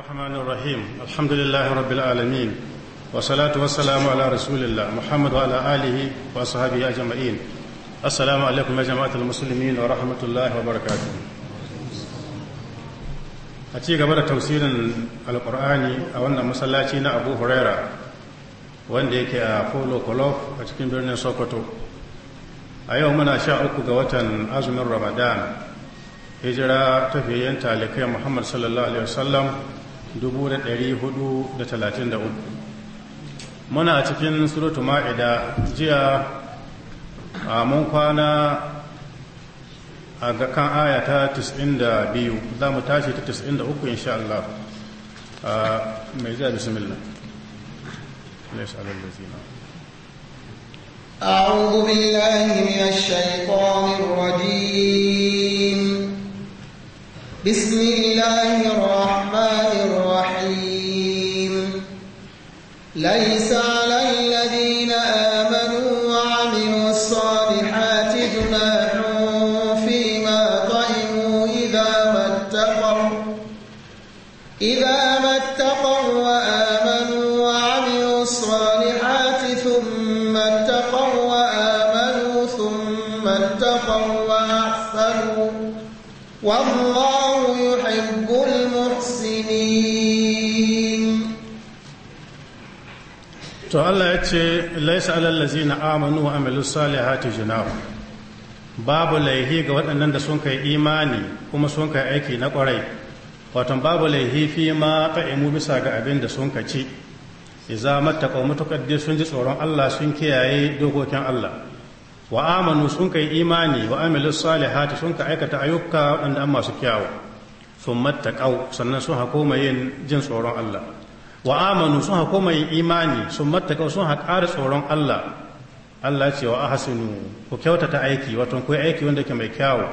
الرحمن الرحيم الحمد لله رب العالمين والصلاة والسلام على رسول الله محمد وعلى آله وصحبه أجمعين السلام عليكم يا جماعة المسلمين ورحمة الله وبركاته أتي قبل تفسير القرآن أو أن مسلاتين أبو هريرة وأن ديك أقول قلوب أتكين برني سوكتو أيومنا شاء أكو قوة أزم رمضان هجرة تفيين تالكي محمد صلى الله عليه وسلم 433 muna cikin suratu ma'ida jiya a mun kwana a ga kan ayata 92 za mu tashi ta 93 insha Allah a mai zai bismillah ليسأل أعوذ بالله من الشيطان الرجيم بسم الله الرحمن الرحيم ليس to Allah ya ce laisa alal na amanu wa amilus salihati junahu babu laihi ga waɗannan da sun kai imani kuma sun kai aiki na ƙwarai watan babu laihi fi ma imu bisa ga abin da sun kaci iza mattaqaw mutaqaddi sun ji tsoron Allah sun kiyaye dokokin Allah wa amanu sun kai imani wa amilus salihati sun kai aikata ayyuka waɗanda an masu kyawu sun matakau sannan sun hakoma yin jin tsoron Allah wa amanu sun haƙo mai imani sun mataka sun haƙari tsoron Allah Allah ce wa ahasanu ku kyautata aiki wato ku aiki wanda ke mai kyawu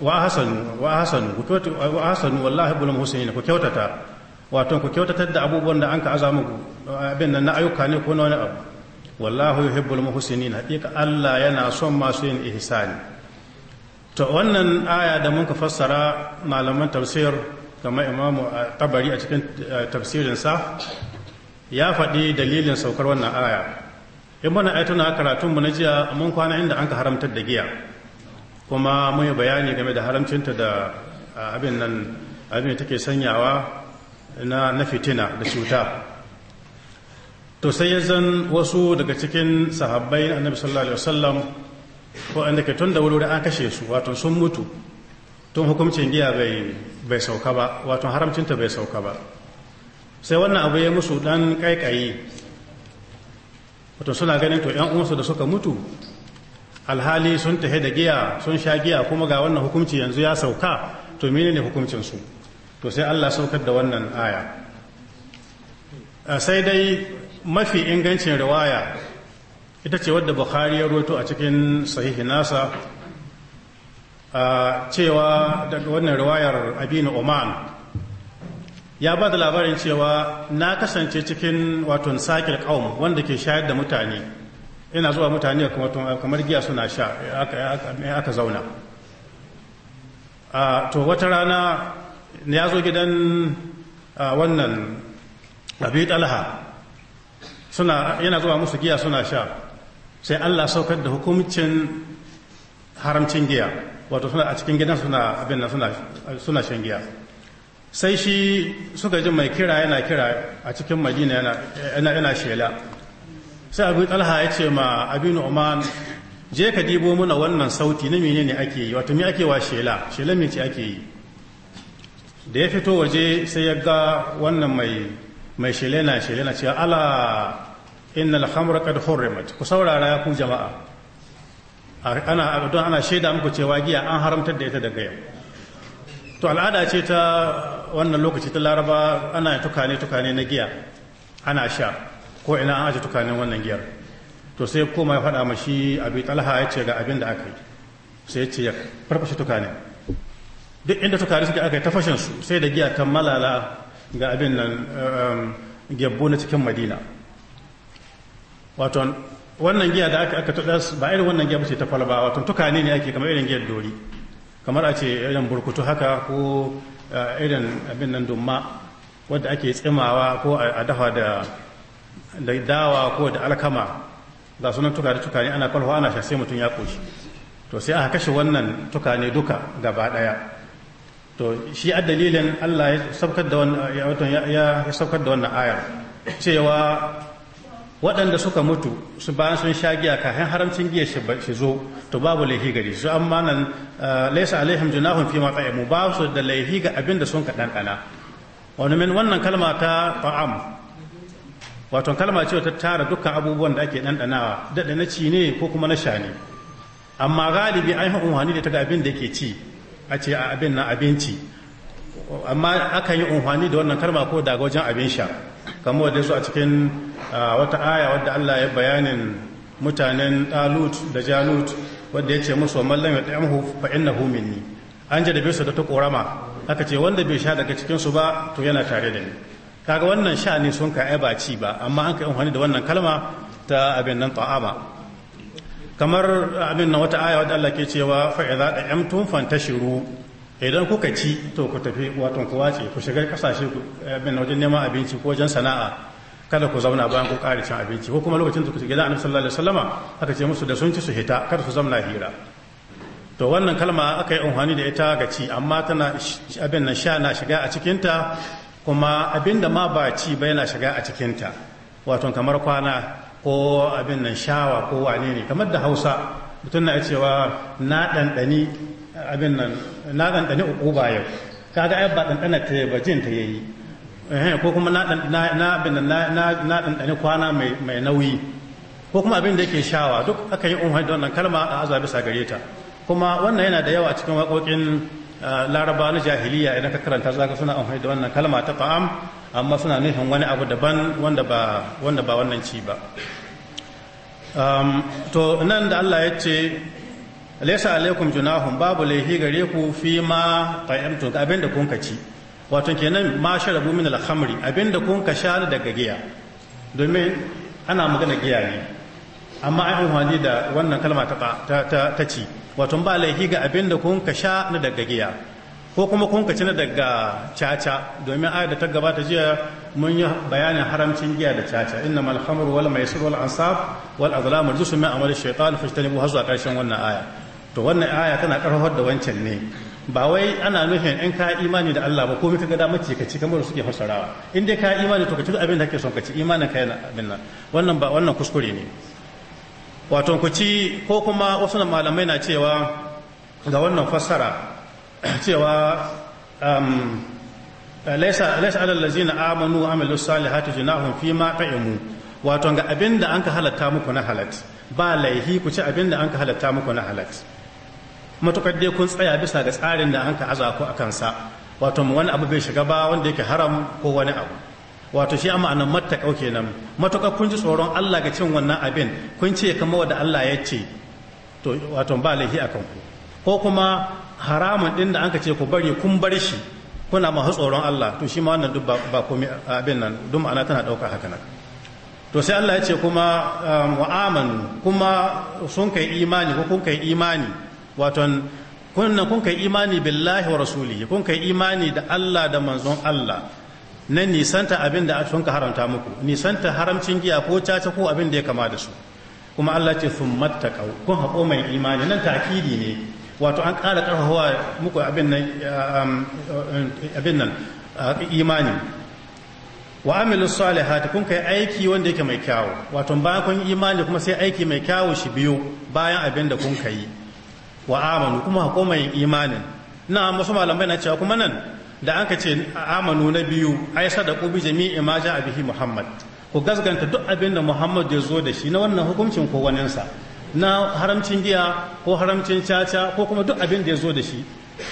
wa ahasanu wa ahasanu ku kyautata wa ahsanu wallahi bil muhsinin ku ta wato ku ta da abubuwan da anka aza ku abin nan na ayyuka ne ko na wani abu yuhibbul muhsinin Allah yana son masu yin ihsani to wannan aya da muka fassara malaman tafsir kamar imamu a tabari a cikin eh, tafsirinsa ya faɗi dalilin saukar wannan aya in muna karatun karatunmu na jiya mun kwana inda an ka haramtar da giya kuma mun yi bayani game da haramcinta da abin nan abin da take sanyawa na fitina da cuta to sai ya zan wasu daga cikin sahabbai na annabi sallallahu alaihi wasallam ko an da ke tun da wuri an kashe su wato sun mutu tun hukuncin giya bai sauka ba wato haramcinta bai sauka ba sai wannan abu ya musu dan kaikayi wato suna ganin to yan uwansu da suka mutu alhali sun tahe da giya sun sha giya kuma ga wannan hukunci yanzu ya sauka to menene hukuncin su to sai Allah saukar da wannan aya sai dai mafi ingancin riwaya ita ce wadda Bukhari ya roto a cikin sahihi nasa Ah, cewa daga wannan riwayar abin oman ya ba da labarin cewa na kasance cikin waton sakir ƙaum wanda ke shayar da mutane ina zuwa mutane kamar giya suna sha aka zauna ah, to wata rana ya zo gidan ah, wannan abi talha yana zuwa musu giya suna sha sai allah saukar da hukumcin haramcin giya wato suna a cikin gidan suna abin nan suna shan giya sai shi suka ji mai kira yana kira a cikin madina yana shela sai abu talha ya ce ma abinu oman je ka dibo muna wannan sauti na menene ake yi wato me ake wa shela shela me ce ake yi da ya fito waje sai ya ga wannan mai mai shela na shela na cewa ala innal khamra qad hurrimat ku saurara ku jama'a don ana shaida muku cewa giya an haramtar da ita daga yau to al'ada ce ta wannan lokaci ta laraba ana tukane tukane na giya ana sha ko ina an aji tukanen wannan giyar to sai koma ya faɗa mashi abi talha ya ce ga abin da aka yi sai ya ce ya farfashe tukane duk inda tukane suke aka yi ta su sai da giya ta malala ga abin nan um, gyabbo na cikin madina wato wannan giya da aka aka tada ba irin wannan giya ce ta kwalba wato tukane ne ake kamar irin giyar dori kamar a ce irin burkutu haka ko irin abin nan dumma wadda ake tsimawa ko a dafa da dawa ko da alkama ga sunan tuka da tukane ana kwalwa ana sha sai mutum ya koshi to sai aka kashe wannan tukane duka gaba daya to shi a dalilin Allah ya saukar da wannan ayar cewa waɗanda suka mutu su bayan sun sha giya kafin haramcin giya shi zo to babu laifi gari su amma nan eh, laisa alaihim junahun fi ma ta'imu ba su da laifi ga abin da sun ka ɗanɗana wani min wannan kalma ta ta'am wato kalma ce ta tara dukkan abubuwan da ake ɗanɗanawa daɗa na ci ne ko kuma na sha ne amma galibi an yi unhani da ta ga abin da yake ci a ce a abin na abinci amma akan yi unhani da wannan kalma ko daga wajen abin sha kamo da su a cikin wata aya wadda Allah ya bayanin mutanen Dalut da jalut wadda ya ce musu mallan ya ɗayamhu fa na minni an jadabe su da ta ƙorama, aka ce wanda bai sha daga cikin su ba to yana tare da ni kaga wannan sha ne sun ka ba ci ba amma an kai amfani da wannan kalma ta abin nan ta'ama kamar abin na wata aya wadda Allah ke cewa fa'iza da ta shiru. idan kuka ci to ku tafi waton ku wace ku shiga kasashe abin eh, wajen neman abinci ko wajen sana'a kada ku zauna bayan ku kare cin abinci ko kuma lokacin da ku gida annabi sallallahu alaihi wasallama aka ce musu da sun ci su hita kada su zauna hira to wannan kalma aka yi amfani da ita ga ci amma tana abin nan sha na shiga a cikinta kuma abin da ma ba ci ba yana shiga a cikinta wato kamar kwana ko abin nan shawa ko wane ne kamar da hausa mutum na cewa na ɗanɗani abin nan na ɗanɗani uquba yau kaga ai ba ɗanɗana ta ba jin ta yayi ko kuma na ɗanɗani kwana mai nauyi ko kuma abin da yake shawa duk aka yi umar da wannan kalma a azuwa bisa gare ta kuma wannan yana da yawa a cikin waƙoƙin laraba na jahiliya idan ka karanta zaka suna amfani da wannan kalma ta ta'am amma suna nufin wani abu daban wanda ba wanda ba wannan ci ba to nan da Allah ya ce laysa alaikum junahun babu laifi gare ku fi ma ta'amtu abinda kun ka ci wato kenan ma sharabu min al-khamri abinda kun ka sha daga giya domin ana magana giya ne amma ai amfani da wannan kalma ta ci wato ba laifi ga abinda kun ka sha na daga giya ko kuma kun ci na daga caca domin ayar da ta gabata jiya mun yi bayanin haramcin giya da caca inna mal khamru wal maisir wal ansab wal azlamu rijsun min amali shaytan fajtanibu hazza karshen wannan aya to wannan aya tana karfafar da wancan ne ba wai ana nufin in ka imani da Allah ba ko ka ga dama ce ka ci kamar suke fasarawa in dai ka imani to ka ci abin da kake son ka ci imanin ka yana abin nan wannan ba wannan kuskure ne wato ku ci ko kuma wasu malamai na cewa ga wannan fassara cewa um, laisa laisa alal ladzina amanu wa amilus salihati junahum fi ma ta'imu wato ga abin da anka halatta muku na halat ba laihi ku ci abin da anka halatta muku na halat matukar dai kun tsaya bisa ga tsarin da an ka aza ku a kansa wato wani abu bai shiga ba wanda yake haram ko wani abu wato shi amma anan mattaqau kenan matukar kun ji tsoron Allah ga cin wannan abin kun ce kamar wanda Allah ya ce to wato ba laifi akan ku ko kuma haramun din da anka ce ku bari kun bar shi kuna masu tsoron Allah to shi ma wannan duk ba komai abin nan duk ma'ana tana dauka haka nan to sai Allah ya ce kuma um, wa kuma sun kai imani ko kun kai imani waton kunna kun kai imani billahi wa rasulihi kun kai imani da Allah da manzon Allah na nisanta abin da sun ka haramta muku nisanta haramcin giya ko caca ko abin da ya kama da su kuma Allah ce sun mattaqau kun haƙo mai imani nan takidi ne wato an ƙara ƙarfafawa muku abin nan um, uh, imani wa amilu salihati kun kai aiki wanda yake mai kyawu wato bayan kun imani kuma sai aiki mai kyawu shi biyu bayan abin da kun kai wa amanu kuma hukuma yin imanin na masu malamai na cewa kuma nan da an ka ce amanu na biyu ai ko bi jami'i ma ja bihi muhammad ku gasganta duk abin da muhammad ya zo da shi na wannan hukuncin ko waninsa na haramcin giya ko haramcin caca ko kuma duk abin da ya zo da shi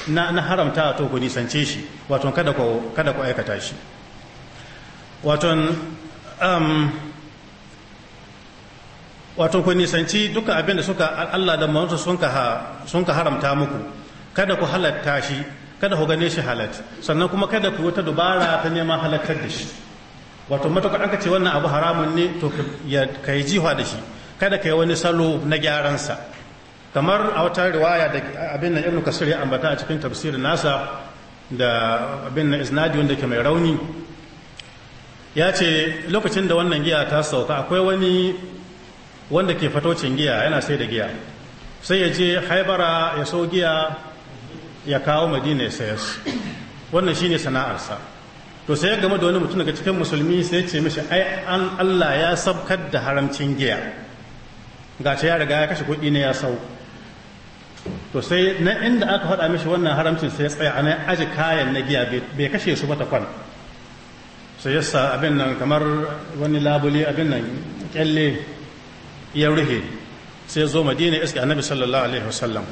na haramta to ku nisance shi wato kada ku aikata shi waton um, wato ku nisanci duka abin da suka Allah da manzo sun ka haramta muku kada ku halatta shi kada ku gane shi halat sannan kuma kada ku wata dubara ta neman halartar da shi wato matuƙar an ka ce wannan abu haramun ne to ka yi jiwa da shi kada ka yi wani salo na gyaran sa kamar a wata riwaya da abin nan ibnu kasir ya ambata a cikin tafsirin nasa da abin nan isnadi wanda ke mai rauni ya ce lokacin da wannan giya ta sauka akwai wani wanda ke fatocin giya yana sai da giya sai ya je haibara ya so giya ya kawo madina ya su wannan shine sana'arsa to sai ya gama da wani mutum daga cikin musulmi sai ce mishi ai an Allah ya sabkar da haramcin giya ga ya riga ya kashe kuɗi ne ya sau to sai na inda aka faɗa mishi wannan haramcin sai ya tsaya a nan aji kayan na giya bai kashe su ba ta kwan sai ya sa abin nan kamar wani labule abin nan kyalle ya ruhe sai zo madina iska annabi sallallahu alaihi wasallam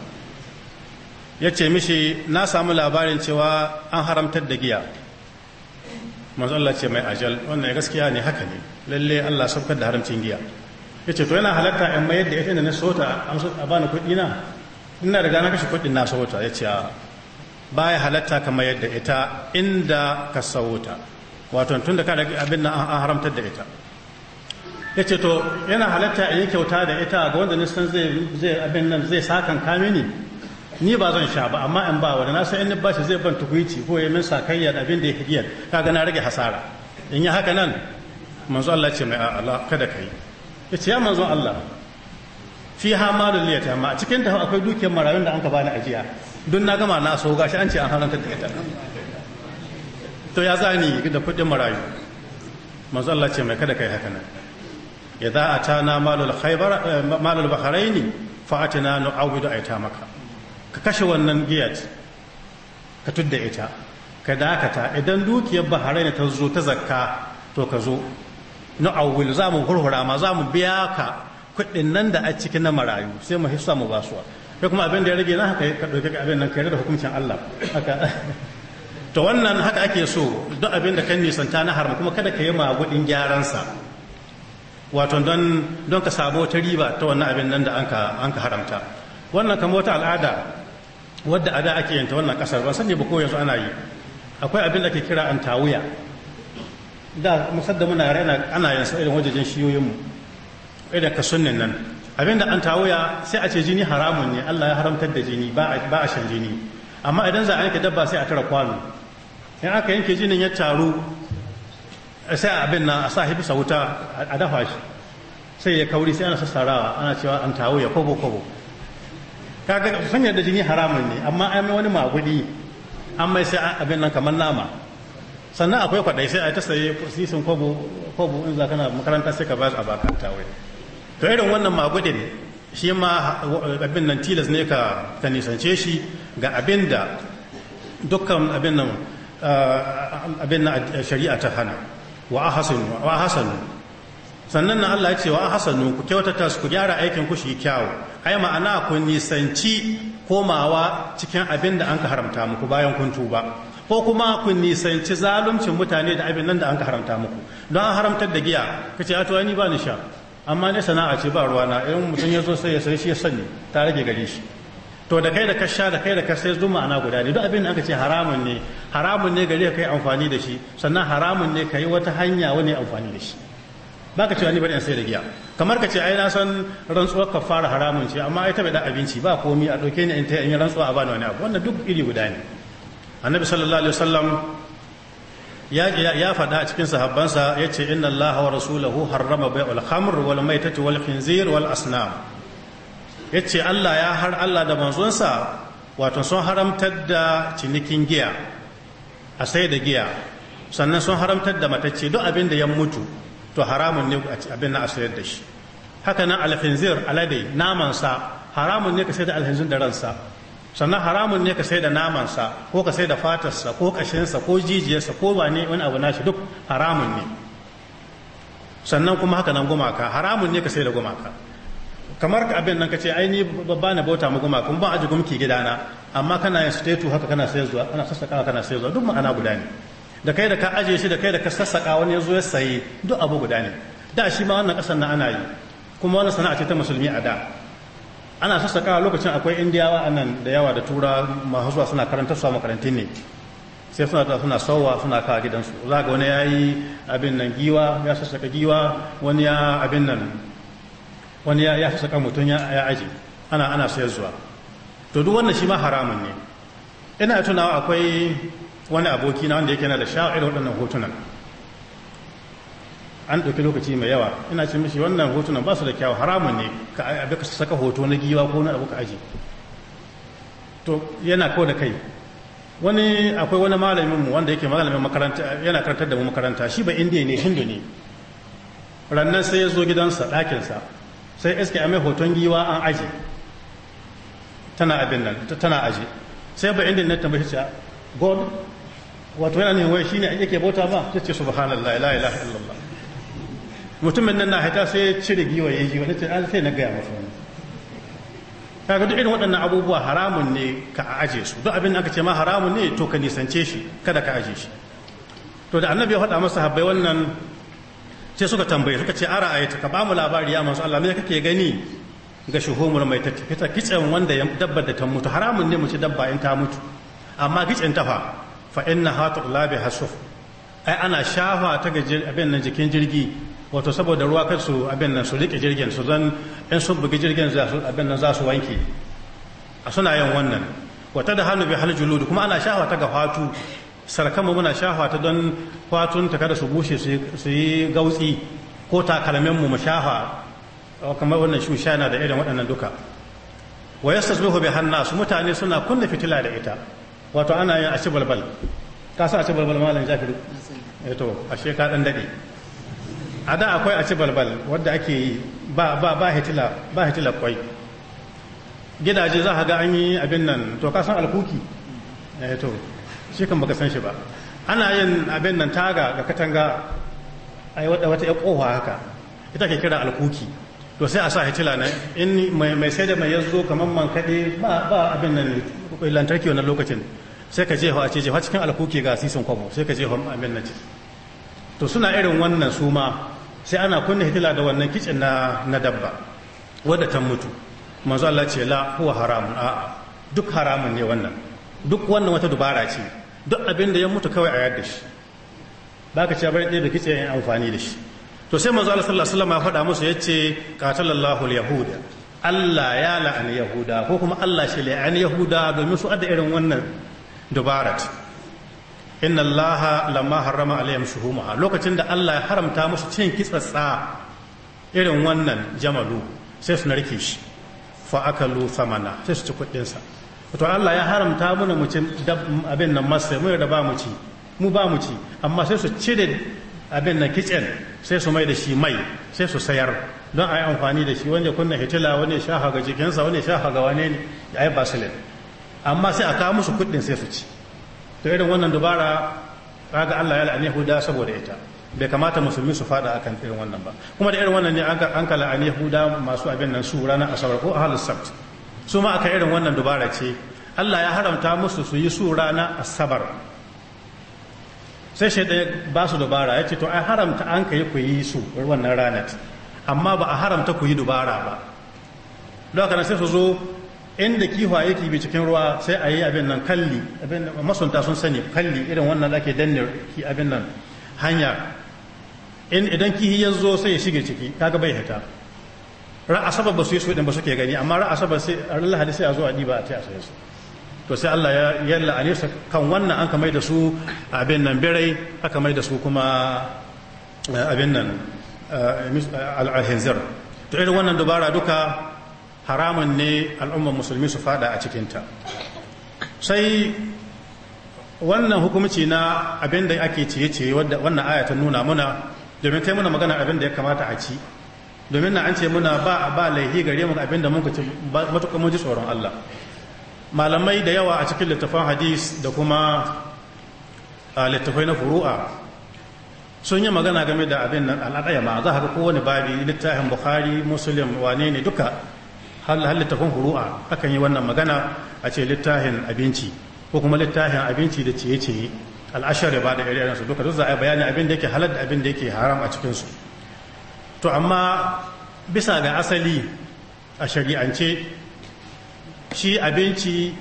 ya ce mishi na samu labarin cewa an haramtar da giya manzo Allah ce mai ajal wannan gaskiya ne haka ne lalle Allah saukar da haramcin giya ya ce to yana halatta in mayar da ita na sota a bani kuɗi na ina riga na kashe kuɗin na sota ya ce baya halatta ka mayar da ita inda ka sauta wato tun da ka abin nan an haramtar da ita ya ce to yana halatta a yi kyauta da ita ga wanda nisan zai abin nan zai sakan kame ni ni ba zan sha ba amma in ba wani na san in ba shi zai ban tukuici ko ya min sakayya da abin da ya kiyar kaga na rage hasara in yi haka nan manzo Allah ce mai a'ala kada kai ya ce ya manzo Allah fi ha malul liyata amma a cikin ta akwai dukiyar marayun da an ka bani ajiya don na gama na so gashi an ce an haranta da ita to ya zani da kudin marayu manzo Allah ce mai kada kai haka nan idza atana malul khaybar malul bahraini fa atina nu'awidu aita maka ka kashe wannan giyat ka tudda ita ka dakata idan dukiyar bahraini ta zo ta zakka to ka zo nu nu'awil za mu hurhura ma za mu biya ka kuɗin nan da a ciki na marayu sai mu hissa mu basuwa kai kuma abin da ya rage na haka ka ɗauki abin nan kai da hukuncin Allah haka to wannan haka ake so duk abin da kan nisanta na haram kuma kada ka yi magudin gyaran sa wato don ka samu wata riba ta wannan abin nan da an ka haramta wannan kama wata al'ada wadda a da ake yanta wannan kasar ban sani ba ko yanzu ana yi akwai abin da ke kira an tawuya da musadda muna yare ana yin sa irin wajajen shiyoyinmu mu irin kasunnin nan abin da an tawuya sai a ce jini haramun ne Allah ya haramtar da jini ba a shan jini amma idan za a yanke dabba sai a tara kwano in aka yanke jinin ya taru sai abin na a sa shi bisa wuta a dafa shi sai ya kauri sai ana sassarawa ana cewa an tawo ya kobo kobo kaga sanya da jini haramun ne amma an mai wani magudi an mai sai abin nan kamar nama sannan akwai kwaɗai sai a ta saye sisin kobo in za kana makaranta sai ka ba a baka tawo to irin wannan magudi ne shi ma abin nan tilas ne ka ta nisance shi ga abin da dukkan abin ah, abin nan shari'a ta hana wa hasanu sannan na Allah ya ce wa hasanu ku kyautata su ku gyara aikin ku shi kyawu ai ma'ana ku nisanci komawa cikin abin da an ka haramta muku bayan kun tuba ko kuma ku nisanci zaluncin mutane da abin nan da an ka haramta muku don an haramtar da giya kace a to ni ba ni sha amma ne sana'a ce ba ruwana irin mutum ya zo sai ya sai shi ya sani ta rage gare shi to da kai da ka sha da kai da ka sai duk ma'ana guda ne duk abin da aka ce haramun ne haramun ne gare ka yi amfani da shi sannan haramun ne ka yi wata hanya wani amfani da shi ba ka cewa ni bari in sai da giya kamar ka ce ai na san rantsuwar ka fara haramun ce amma ai ta bada abinci ba komi a ɗauke ni in ta yi rantsuwa a bani wani abu wannan duk iri guda ne annabi sallallahu alaihi wasallam ya faɗa a cikin sahabbansa ya ce inna allaha wa rasulahu harrama bai'ul khamr wal maitati wal khinzir wal asnam ya ce allah ya har allah da manzonsa wato sun haramtar da cinikin giya a sai da giya sannan sun haramtar da matacce duk abin da ya mutu to haramun ne abin na a sayar da shi haka nan alfinzir alade namansa haramun ne ka sai da alfinzir da ransa sannan haramun ne ka sai da namansa ko ka sai da fatarsa ko kashinsa ko jijiyarsa ko ba ne wani abu nashi duk haramun ne sannan kuma haka nan gumaka haramun ne ka sai da gumaka kamar ka abin nan ka ce ai ni babba na bauta mu guma kun ban aji gumki gidana amma kana yin stetu haka kana sai zuwa kana sassaka kana sai zuwa duk ma'ana guda ne da kai da ka aje shi da kai da ka sassaka wani yazo ya sayi duk abu guda ne da shi ma wannan kasar na ana yi kuma wannan sana'a ce ta musulmi a da ana sassaka lokacin akwai indiyawa anan da yawa da tura masu zuwa suna karanta su a makarantun ne sai suna ta suna sauwa suna kawo gidansu za ga wani ya yi abin nan giwa ya sassaka giwa wani ya abin nan wani ya fi saka mutum ya aji ana ana sayar zuwa to duk wannan shi ma haramun ne ina tunawa akwai wani aboki na wanda yake na da sha'ir waɗannan hotunan an ɗauki lokaci mai yawa ina ce mishi wannan hotunan ba su da kyawu haramun ne ka abu ka saka hoto na giwa ko na abu ka aji to yana ko da kai wani akwai wani malamin mu wanda yake malamin makaranta yana karantar da mu makaranta shi ba indiya ne hindu ne rannan sai ya zo gidansa ɗakinsa sai iske a mai hoton giwa an aji tana abin nan tana aji sai ba inda na tambaye shi god wato yana ne wai shine yake bauta ba ta ce subhanallahi la ilaha illallah mutumin nan na haita sai ya cire giwa ya ji sai an ah, sai na gaya masa wani kaga duk irin waɗannan abubuwa haramun ne ka aje su duk abin da aka ce ma haramun ne to ka nisance shi kada ka aje shi to da annabi ya faɗa masa habbai wannan sai suka tambaye suka ce ara ayata ka bamu labari ya masu Allah me kake gani ga shuhumul mai tattafi kitsen wanda ya dabba da ta mutu haramun ne mu ci dabba in ta mutu amma kitsen ta fa fa inna hatu labi hasuf ai ana shafa ta ga abin nan jikin jirgi wato saboda ruwa kan su abin nan su rike jirgin su zan in sun bugi jirgin za su abin nan za su wanke a suna yin wannan wata da hannu bi hal julud kuma ana shafa ta ga fatu sarkanmu muna shafa ta don fatun ta kada su bushe su yi gautsi ko takalminmu mu shafa kamar wannan shusha na da irin waɗannan duka wa yastasbihu bi su mutane suna kunna fitila da ita wato ana yin ashi balbal ka sa ashi balbal malam jafiru eh to ashe ka dan dade a da akwai ashi balbal wanda ake yi ba ba ba hitila ba hitila kwai gidaje za ka ga an yi abin nan to ka san alkuki eh shi kan baka san shi ba ana yin abin nan taga ga katanga a yi wata wata kofa haka ita ke kira alkuki to sai a sa hitila na in mai sai da mai yazo kaman man kade ba ba abin nan lantarki wannan lokacin sai ka je ho a ce ho cikin alkuki ga sisin kwamo sai ka je ho abin nan to suna irin wannan su ma sai ana kunna hitila da wannan kicin na na dabba wadda ta mutu manzo Allah ce la huwa haramun a'a duk haramun ne wannan duk wannan wata dubara ce duk abin da ya mutu kawai a yadda shi ba ka ce bari ɗaya da kitse yin amfani da shi to sai manzo Allah sallallahu alaihi wasallam ya faɗa musu yace qatalallahu al-yahuda Allah ya la'ani yahuda ko kuma Allah shi la'ani yahuda domin su adda irin wannan dubarat inna allaha lamma harrama alayhim shuhuma lokacin da Allah ya haramta musu cin kitsatsa irin wannan jamalu sai su narke shi fa akalu samana sai su ci kuɗinsa Wato Allah ya haramta muna mu ci abin nan masa mu da ba mu ci mu ba mu ci amma sai su cire abin nan kitchen sai su mai da shi mai sai su sayar don a yi amfani da shi wanda kunna hitila wani sha ga jikinsa wani sha ga wane ne ya yi basilin amma sai a kawo musu kuɗin sai su ci to irin wannan dubara kaga Allah ya la'ani huda saboda ita bai kamata musulmi su fada akan irin wannan ba kuma da irin wannan ne an kala an da masu abin nan su ranar asabar ko ahlus sabt su ma aka irin wannan dubara ce Allah ya haramta musu su yi su rana asabar sai shi ɗaya ba su dubara ya ce to ai haramta an ka yi ku yi su wannan ranar amma ba a haramta ku yi dubara ba don sai su zo inda kihuwa yake bi cikin ruwa sai a yi abin nan kalli abin masunta sun sani kalli irin wannan da ake danne ki abin nan hanya idan kihi ya zo sai ya shige ciki kaga bai hita Ra'asaba ba su yi su ɗin ba suke gani amma ran asabar sai ran lahadi sai a zo a ba a ce a sai su to sai Allah ya yalla a nesa kan wannan an kamar da su abin nan birai a mai da su kuma eh, abin nan eh, eh, al'ahinzir to irin wannan dubara duka haramun ne al'ummar musulmi su fada a cikinta sai wannan hukumci na abin da ake ciye-ciye wannan aya ta nuna muna domin ta muna magana abin da ya kamata a ci domin na an ce muna ba ba laihi gare mu abinda mun ci matuƙa mun ji tsoron Allah malamai da yawa a cikin littafan hadis da kuma littafai na furu'a sun yi magana game da abin nan al'adaya ma za ka kowane babi littafin bukhari muslim wane ne duka hal littafin furu'a akan yi wannan magana a ce littafin abinci ko kuma littafin abinci da ciye-ciye al'ashar ya ba da irin su duka duk za a yi bayanin abin da yake halar da abin da yake haram a cikinsu to amma bisa ga asali a shari'ance shi abinci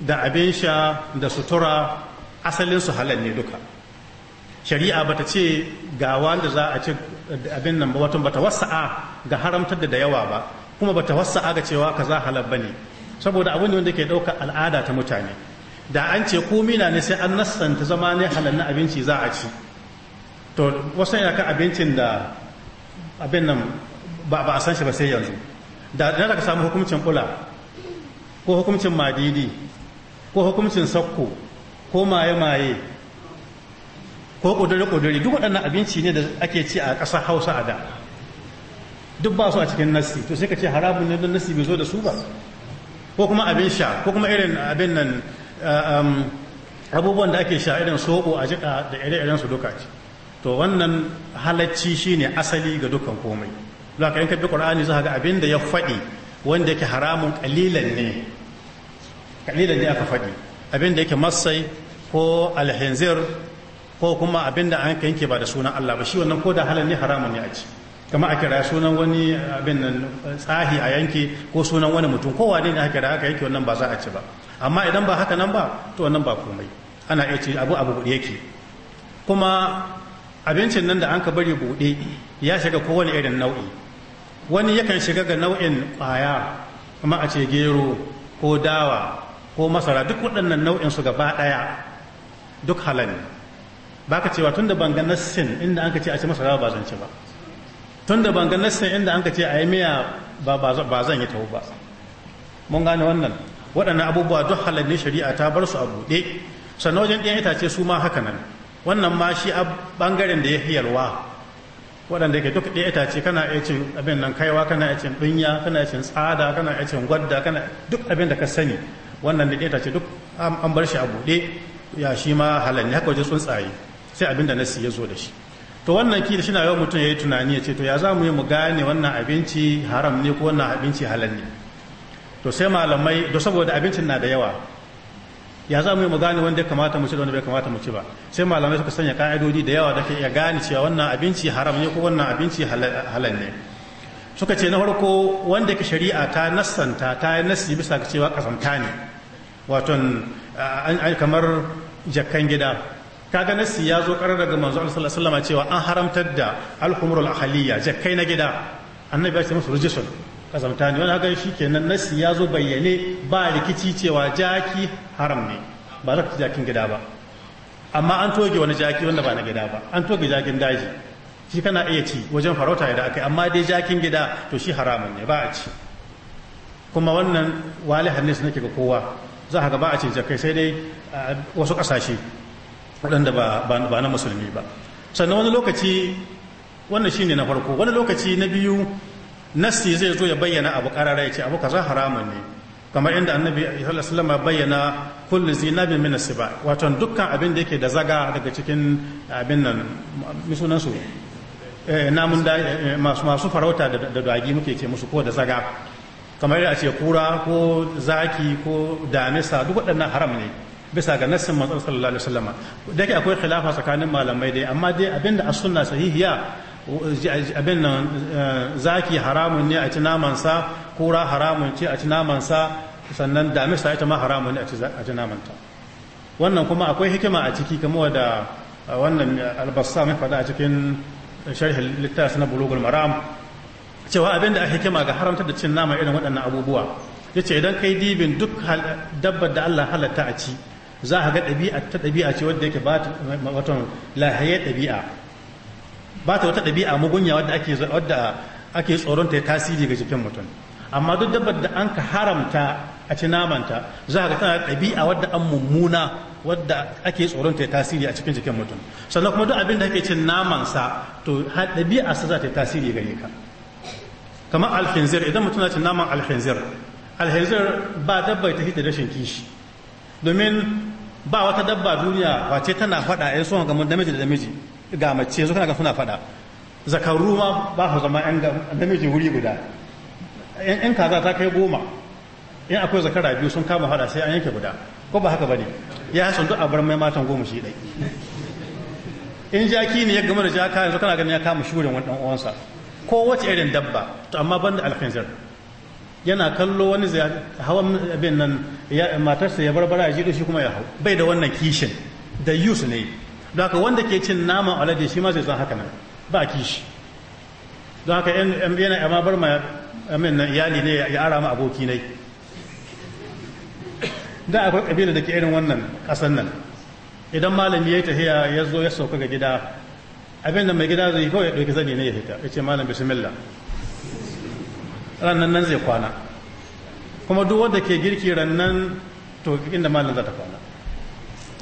da abin sha da sutura asalinsu halal ne duka shari'a bata ce ga wanda za a ci abin nan ba watan bata wasa'a ga haramtar da yawa ba kuma bata wasa'a ga cewa kaza halal ne saboda abin wanda ke ɗauka al'ada ta mutane da an ce komi na ne sai an nasanta zama ne halal na abinci za a ci to wasu yana kan abincin da abin nan ba a san shi ba sai yanzu da na daga samu hukuncin kula ko hukuncin madidi ko hukuncin sakko ko maye-maye ko ƙudiri-ƙudiri duk waɗannan abinci ne da ake ci a ƙasar hausa a da duk ba su a cikin nassi to sai ka ce haramun ne don nassi bai zo da su ba ko kuma abin sha ko kuma irin abin nan eh, um, abubuwan da ake sha irin soko a jiƙa da ire-iren su duka ce to wannan halacci shine asali ga dukkan komai zaka in ka bi qur'ani za ga abin da ya faɗi wanda yake haramun ƙalilan ne Ƙalilan ne aka faɗi abin da yake masai ko alhinzir ko kuma abin da an yanke ba da sunan Allah ba shi wannan ko da halal ne haramun ne a ci kama a kira sunan wani abin nan tsahi a yanke ko sunan wani mutum kowa ne aka kira aka yanke wannan ba za a ci ba amma idan ba haka nan ba to wannan ba komai ana iya ce abu abu yake kuma abincin nan da an ka bari buɗe ya shiga kowane irin nau'i wani yakan shiga ga nau'in ƙwaya kuma a ce gero ko dawa ko masara duk waɗannan nau'in su gaba ɗaya duk halal ba ka cewa tun da ban ga nassin inda an ka ce a ci masara ba zan ci ba tun da ban ga nassin inda an ka ce a yi miya ba zan yi taho ba mun gane wannan waɗannan abubuwa duk halal ne shari'a ta bar su a buɗe sannan wajen ɗiyan itace su ma haka nan wannan ma shi a bangaren da ya fi yalwa waɗanda ke duk ɗaya itace kana iya cin abin nan kaiwa kana iya cin ɗunya kana iya cin tsada kana iya cin gwadda kana duk abin da ka sani wannan da ɗaya itace duk an bar shi a buɗe ya shi ma halanni haka waje tsuntsaye sai abin da nasi ya zo da shi to wannan kila shi na yau mutum ya yi tunani ya ce to ya za mu yi mu gane wannan abinci haram ne ko wannan abinci halal ne to sai malamai da saboda abincin na da yawa ya za mu yi mu gane wanda ya kamata mu ci da wanda bai kamata mu ci ba sai malamai suka sanya ka'idodi da yawa da ka iya gane cewa wannan abinci haram ne ko wannan abinci halal ne suka ce na farko wanda ka shari'a ta nasanta ta yi nassi bisa ga cewa kasanta ne waton kamar jakkan gida kaga nassi ya zo karar daga manzo Allah sallallahu alaihi wasallam cewa an haramtar da al-humrul ahliya jakkai na gida annabi ya ce musu rijisun Kazamta ne wani hakan shi kenan nasi ya zo bayyane ba rikici cewa jaki haram ne ba za ka ci jakin gida ba amma an toge wani jaki wanda ba na gida ba an toge jakin daji shi kana iya ci wajen farauta ya da aka amma dai jakin gida to shi haramun ne ba a ci kuma wannan wali hannis nake ga kowa za a ba a ce jakai sai dai uh, wasu kasashe waɗanda ba na musulmi ba sannan wani lokaci wannan shine na farko wani lokaci na biyu nasti zai zo ya bayyana abu karara ya ce abu kaza haramun ne kamar inda annabi sallallahu bayyana kullu zinabi min asiba wato dukkan abin da yake da zaga daga cikin abin nan misunan eh, namun da eh, masu masu farauta da dagi muke ce musu ko da zaga kamar a ce kura ko zaki ko damisa duk waɗannan haram ne bisa ga nassin manzon sallallahu alaihi da yake akwai khilafa tsakanin malamai dai amma dai abinda as-sunna sahihiya abin nan eh, zaki haramun ne a ci namansa kura haramun ce a ci namansa sannan damisa ita ma haramun ne a ci namanta wannan kuma akwai hikima a ciki kama wadda eh, wannan albasa mai faɗa a cikin sharhin littas na bulugul maram cewa abin da a hikima ga haramtar da cin nama irin waɗannan abubuwa ya ce idan kai dibin duk dabbar da allah halatta a ci za a ga ɗabi'a ta ɗabi'a ce wadda yake ba wato lahayyar ɗabi'a ba ta wata ɗabi'a mugunya wadda ake wadda ake tsoron ta tasiri ga jikin mutum amma duk dabbar da an ka haramta a ci namanta za ka tana ɗabi'a wadda an mummuna wadda ake tsoron ta tasiri a cikin jikin mutum sannan kuma duk abin da ake cin namansa to ɗabi'a sa za ta yi tasiri gare ka kamar alhinzir idan mutum na cin naman alhinzir alhinzir ba dabba ta hita rashin kishi domin ba wata dabba duniya wace tana faɗa ya so ga namiji da namiji ga mace yanzu kana ga suna faɗa zakaru ma ba su zama yan namiji wuri guda yan kaza ta kai goma in akwai zakara biyu sun kama fada sai an yanke guda ko ba haka bane ya san duk a bar mai matan goma shi dai in jaki ne ya gama da jaka yanzu kana ganin ya kama shurin wani dan uwansa ko wace irin dabba to amma banda alkhinzir yana kallo wani zai hawan abin nan matarsa ya barbara ya ji shi kuma ya hau bai da wannan kishin da yus ne don haka wanda ke cin naman alade shi ma zai san haka nan ba kishi don haka yan yana yama bar ma amin na iyali ne ya ara ma aboki ne da akwai kabila da ke irin wannan kasan nan idan malami ya yi tafiya ya zo ya sauka ga gida abin da mai gida zai kawai ya ɗauki zane ne ya fita ya ce malam bismillah rannan nan zai kwana kuma duk wanda ke girki rannan to inda malam za ta kwana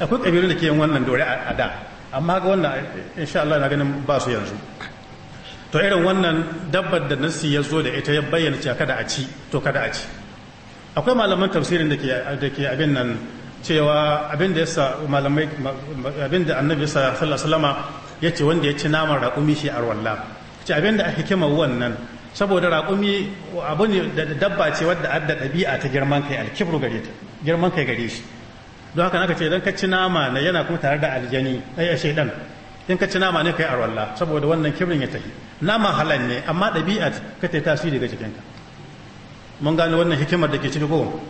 akwai kabilu da ke yin wannan dore a da amma ga wannan insha Allah na ganin ba su yanzu to irin wannan dabbar da nasi ya zo da ita ya bayyana cewa kada a ci to kada a ci akwai malaman tafsirin da ke abin nan cewa abin da yasa malamai abin da annabi sallallahu alaihi ya ce wanda ya ci naman raƙumi shi arwalla ce abin da ake kima wannan saboda raƙumi abu ne da dabba ce wadda adda ɗabi'a ta girman kai alkibru gare ta girman kai gare shi don haka naka ce idan ka ci nama ne yana kuma tare da aljani ai shaidan in ka ci nama ne kai arwalla saboda wannan kibrin ya tafi nama halal ne amma ɗabi'at ka ta tasiri daga cikinka mun gane wannan hikimar da ke cikin ko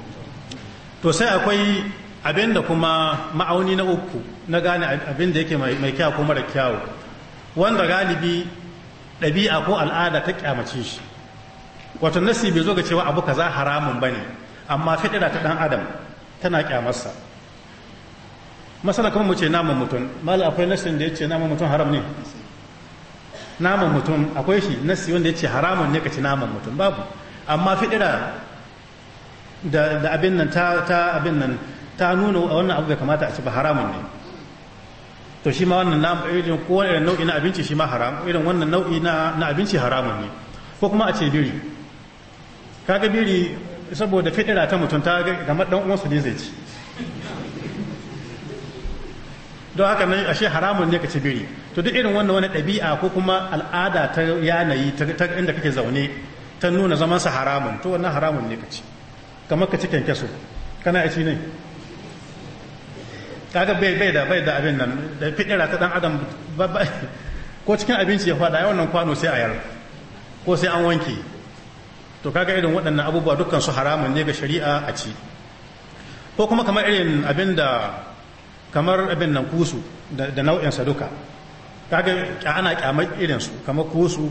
to sai akwai abin da kuma ma'auni na uku na gane abin da yake mai kyau ko mara kyau wanda galibi ɗabi'a ko al'ada ta kyamace shi wato nasi bai zo ga cewa abu kaza haramun ba ne. amma fitira ta dan adam tana kyamarsa masana kuma mu ce naman mutum mali akwai nasin da ya ce naman mutum haram ne naman mutum akwai shi nasi wanda ya ce haramun ne ka ci naman mutum babu amma fiɗira da abin nan ta abin nan ta nuna wannan abu kamata a ci ba haramun ne to shi ma wannan na irin ko irin nau'i na abinci shi ma haram irin wannan nau'i na abinci haramun ne ko kuma a ce biri kaga biri saboda fiɗira ta mutum ta ga kamar su uwansu ne zai ci don haka nan ashe haramun ne ka ci biri to duk irin wannan wani ɗabi'a ko kuma al'ada ta yanayi ta inda kake zaune ta nuna zaman sa haramun to wannan haramun ne ka ci kamar ka ci su kana ci ne kaga bai bai da bai da abin nan da fidira ta dan adam ko cikin abinci ya fada yawan kwano sai a yar ko sai an wanke to kaga irin waɗannan abubuwa dukkan su haramun ne ga shari'a a ci ko kuma kamar irin abin da kamar abin nan kusu da nau'in saduka kaga ana kyamar irin su kamar kusu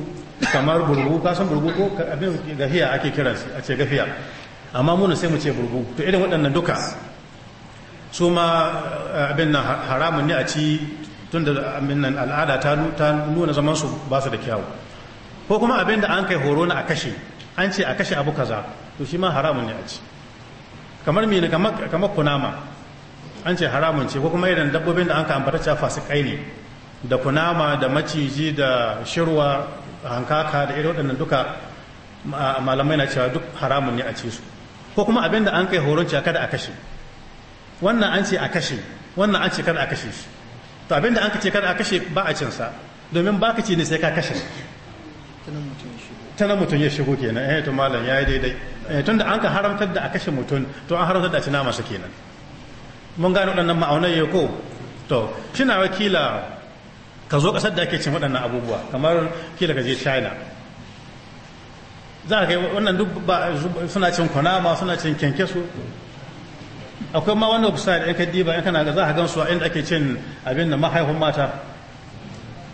kamar burbu ka san ko abin gafiya ake kiran su a ce gafiya amma mun sai mu ce burbu to irin waɗannan duka su ma eh, abin nan haramun ne a ci tun da abin nan al'ada ta nuna zaman su ba su da kyawu ko kuma abin da an kai horo na a kashe an ce a kashe abu kaza to shi ma haramun ne a ci kamar mene kamar kunama an ce haramun ce ko kuma irin dabbobin da an ka ambata cewa fasikai ne da kunama da maciji da shirwa hankaka da irin waɗannan duka malamai na cewa duk haramun ne a ce su ko kuma abin da an kai horon cewa kada a kashe wannan an ce a kashe wannan an ce kada a kashe shi to abin da an ka ce kada a kashe ba a cin sa domin ba ka ci ne sai ka kashe ta nan mutum ya shigo kenan eh to malam ya yi daidai eh, tunda an ka haramtar da a kashe mutum to an haramtar da a ci nama su kenan mun gane waɗannan ma'aunai ya ko to kina wakila ka zo ƙasar da ake cin waɗannan abubuwa kamar kila ka je china za ka yi wannan duk ba suna cin kunama suna cin kyankyasu akwai ma wani sa'ad ɗin kaddi ba in kana za ka gan su inda ake cin abin da mahaifin mata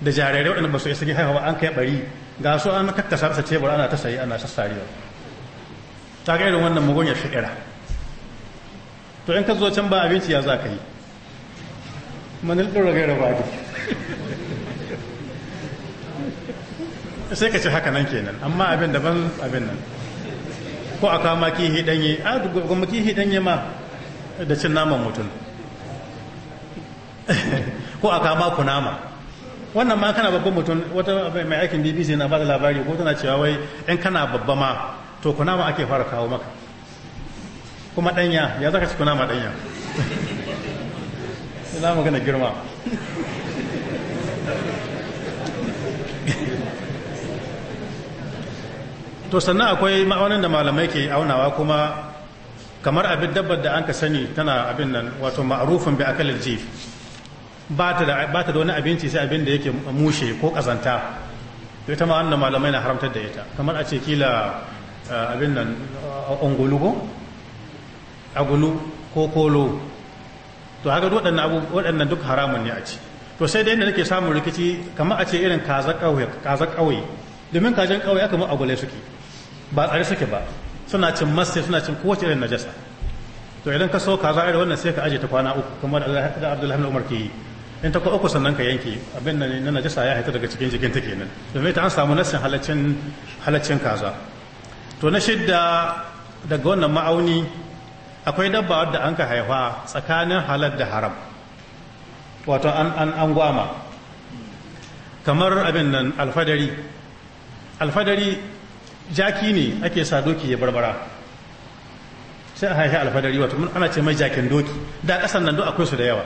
da jarirai waɗanda ba su isa gi haihuwa an kai bari ga su an kakkasa rasa tebur ana ta sayi ana sassarewa ta ga irin wannan mugun ya ƙira to in ka zo can ba abinci ya za ka yi manil ɗora gaira ba sai ka ci haka nan kenan amma abin daban abin nan ko a kama kihi ɗanye a gwamma kihi ɗanye ma da cin naman mutum ko a kama kunama wannan ma kana babban mutum wata mai aikin bbc na ba da labari ko tana cewa wai in kana babba ma to kunama ake fara kawo maka kuma ɗanya ya zaka ci kunama ɗanya ina magana girma to sannan akwai ma'aunin da malamai ke aunawa kuma kamar abin dabbar da an ka sani tana abin nan wato ma'arufin bi akalar jif ba ta da wani abinci sai abin da yake mushe ko kazanta ita ma wannan malamai na haramtar da ita kamar a ce kila eh, abin nan ungulugu. agulu ko kolo to haka waɗannan duk haramun ne a ci to sai da yadda nake samun rikici kamar a ce irin kaza ƙauye domin kajen ƙauye aka mu agulai suke ba tsare suke ba suna cin masse suna cin kowace irin najasa to idan ka so kaza irin wannan sai ka aje ta kwana uku kamar da Abdullahi Umar ke yi in ta uku sannan ka yanke abin da na najasa ya haita daga cikin jikin ta kenan domin ta an samu nassin halaccin halaccin kaza to na shidda daga wannan ma'auni akwai dabba wadda an ka haifa tsakanin halar da haram wato an gwama kamar abin nan alfadari alfadari jaki ne ake sa doki ya barbara sai a haifi alfadari wato ana ce mai jakin doki da kasan nan duk akwai su da yawa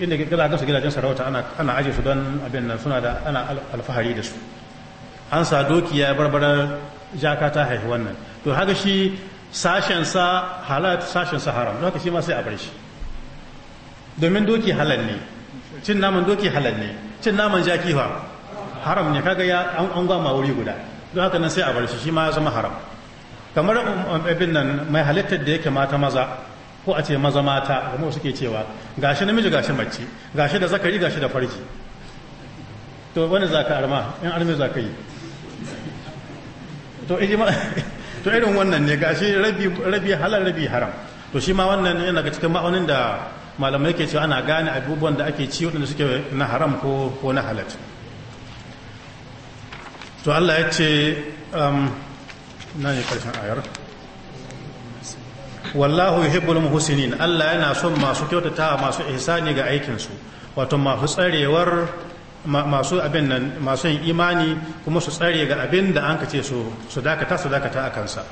inda gidajen su gidajen sarauta ana aje su don abin nan suna da ana alfahari da su an sa doki ya barbara jaka ta haifi wannan to haka shi sashensa halal sashensa haram don haka shi ma sai a bar shi domin doki halal ne cin naman doki halal ne cin naman jaki fa haram ne kaga ya an gwama wuri guda don haka nan sai a bar shi shi ma ya zama haram kamar um, abin nan mai halittar da yake mata maza ko a ce maza mata kuma suke cewa gashi namiji gashi mace gashi da zakari gashi da farji to wani zaka arma in arme zaka yi to to irin wannan ne ga shi rabi halal rabi haram to shi ma wannan yana ga cikin ma'aunin da malamai ke cewa ana gane abubuwan da ake ci waɗanda suke na haram ko na halal to Allah ya ce um, na yi karshen ayar wallahu hibbul muhusinin Allah yana son masu kyautata masu ihsani ga aikinsu wato masu tsarewar masu abin nan masu imani kuma su tsare ga abin da an kace su su dakata su dakata a kansa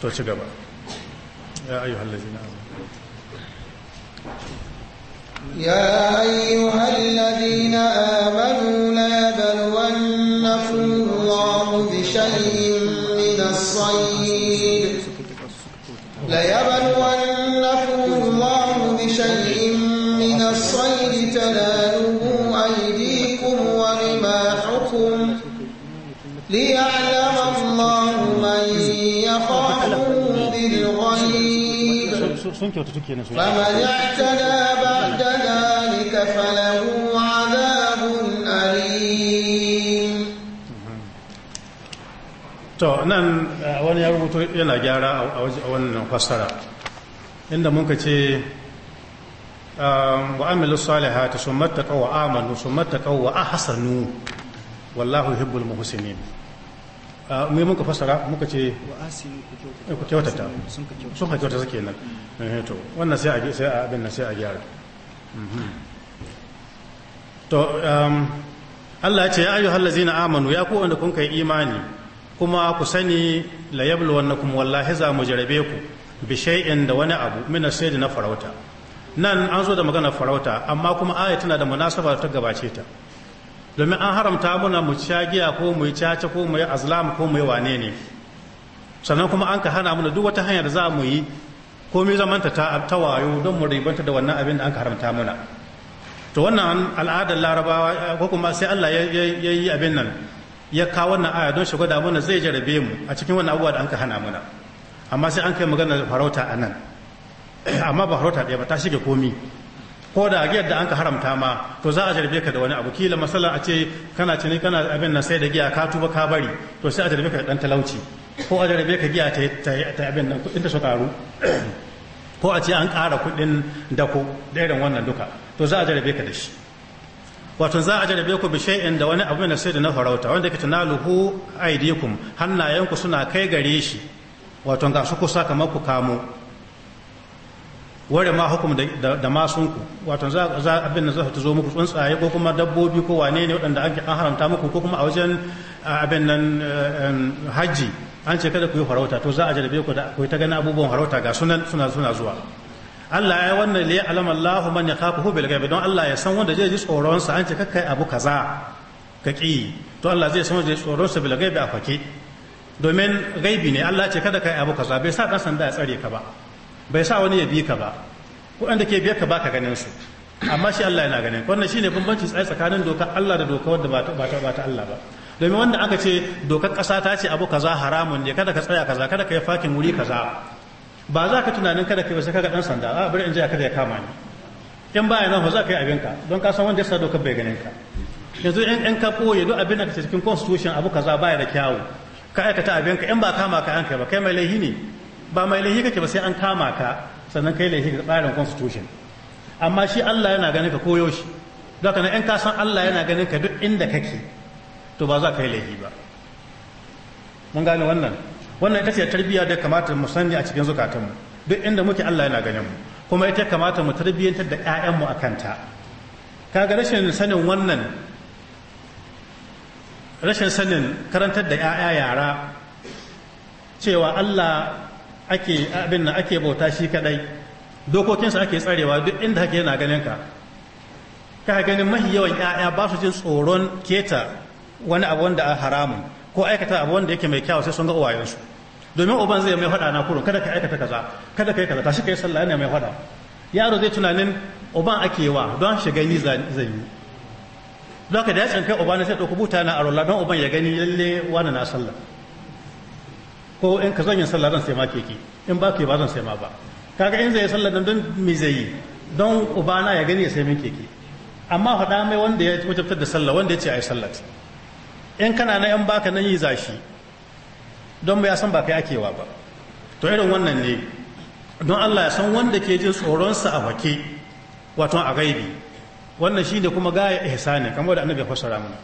to ci gaba ya ayyuha allazina يا أيها bi آمنوا ليبلونكم الله بشيء من الصيد ليبلونكم ليعلم الله من يخافه بالغيب فمن اعتدى بعد ذلك فله عذاب أليم to nan eh, wani ya rubuta yana gyara a wannan fassara inda muka ce eh, wa amilu salihati sun mattaqaw wa amanu sun mattaqaw wa ahsanu wallahu yuhibbul muhsinin Ah, mai muka fasara muka ce eh, ku kyautata sun ka kyautata suke nan eh, to wannan sai a sai a abin nan sai a gyara mhm. to um, Allah ya ce ya ayyuhal ladzina amanu ya ku wanda kun kai imani kuma ku sani la kuma wallahi za mu jarabe ku bi shay'in da wani abu min sai na farauta nan an zo da magana farauta amma kuma aya tana da munasaba ta gabace ta domin an haramta muna mu sha giya ko mu yi caca ko mu yi azlam ko mu yi wane ne sannan kuma an ka hana muna duk wata hanyar za mu yi ko mu zamanta ta wayo don mu ribanta da wannan abin da an ka haramta muna to wannan al'adar larabawa ko kuma sai Allah ya yi abin nan ya kawo wannan aya don shiga da muna zai jarabe mu a cikin wannan abubuwa da an ka hana muna amma sai an kai magana farauta a nan amma ba farauta ɗaya ba ta shige komi ko da giya da an ka haramta ma to za a jarbe ka da wani abu kila masala a ce kana cini kana abin nan sai da giya ka tuba ka bari to sai a jarbe ka da dan talauci ko a jarbe ka giya ta ta abin nan kuɗin ta su karu ko a ce an ƙara kuɗin dako da irin wannan duka to za a jarbe ka da shi wato za a jarbe ku bi shay'in da wani abu na sai da na farauta wanda yake tunaluhu aidikum hannayenku suna kai gare shi wato ga su kusa kamar ku kamo ware ma hukum da masunku wato za abin da za ta zo muku tsuntsaye ko kuma dabbobi ko wane ne waɗanda an haramta muku ko kuma a wajen abin nan hajji an ce kada ku yi farauta to za a jarabe ku da ku ta gani abubuwan farauta ga sunan suna suna zuwa Allah ya wannan liya alama Allah man yakhafuhu bil ghaib don Allah ya san wanda zai ji tsoron sa an ce kakkai abu kaza ka ki to Allah zai san wanda zai tsoron sa bil ghaib a fake domin gaibi ne Allah ce kada kai abu kaza bai sa kasan sanda ya tsare ka ba bai sa wani ya bi ka ba waɗanda ke biyar ka baka ganin su amma shi Allah yana ganin wannan shine bambanci tsaye tsakanin dokar Allah da dokar wanda ba ta Allah ba domin wanda aka ce dokar ƙasa ta ce abu kaza haramun ne kada ka tsaya kaza kada ka yi fakin wuri kaza ba za ka tunanin kada ka yi wasu kaga ɗan sanda a bari in je kada ya kama ni in ba nan za ka yi abinka don ka san wanda ya sa dokar bai ganin ka yanzu in ka ɓoye duk abin da ka cikin constitution abu kaza baya da kyawu ka aikata abinka in ba kama ka an kai ba kai mai laihi ne ba mai laihi kake ba sai an kama ka sannan kai laifi ga tsarin constitution amma shi Allah yana ganin ka koyo shi don haka in ka san Allah yana ganin ka duk inda kake to ba za ka yi laifi ba mun gane wannan wannan ita ce tarbiyya da kamata mu sani a cikin zukatanmu duk inda muke Allah yana ganin mu kuma ita kamata mu tarbiyyantar da ƴaƴanmu a kanta kaga rashin sanin wannan rashin sanin karantar da ƴaƴa yara cewa Allah ake abin nan ake bauta shi kadai dokokinsa ake tsarewa duk inda hake yana ganin ka ka ganin mahi yawan 'ya'ya ba su jin tsoron keta wani abu wanda a haramun ko aikata abu wanda yake mai kyawu sai sun ga uwayensu domin uban zai mai faɗa na kurun kada ka aikata kaza kada ka yi kaza tashi ka yi sallah yana mai faɗa yaro zai tunanin uban ake wa don shi gani zai yi don ka da ya tsinka uban sai ɗauki buta na arola don uban ya gani lalle wani na sallah ko in ka zan yin sallah zan sai ma keke in ba ke ba zan sai ma ba kaga in zai sallah don me zai yi don ubana ya gani ya sai min keke amma faɗa mai wanda ya wajabtar da sallah wanda ya ce yi sallah in kana na yan baka nan yi zashi don ba ya san ba kai kewa ba to irin wannan ne don Allah ya san wanda ke jin tsoronsa a fake wato a gaibi wannan shine kuma gaya ihsani kamar da annabi ya fassara mana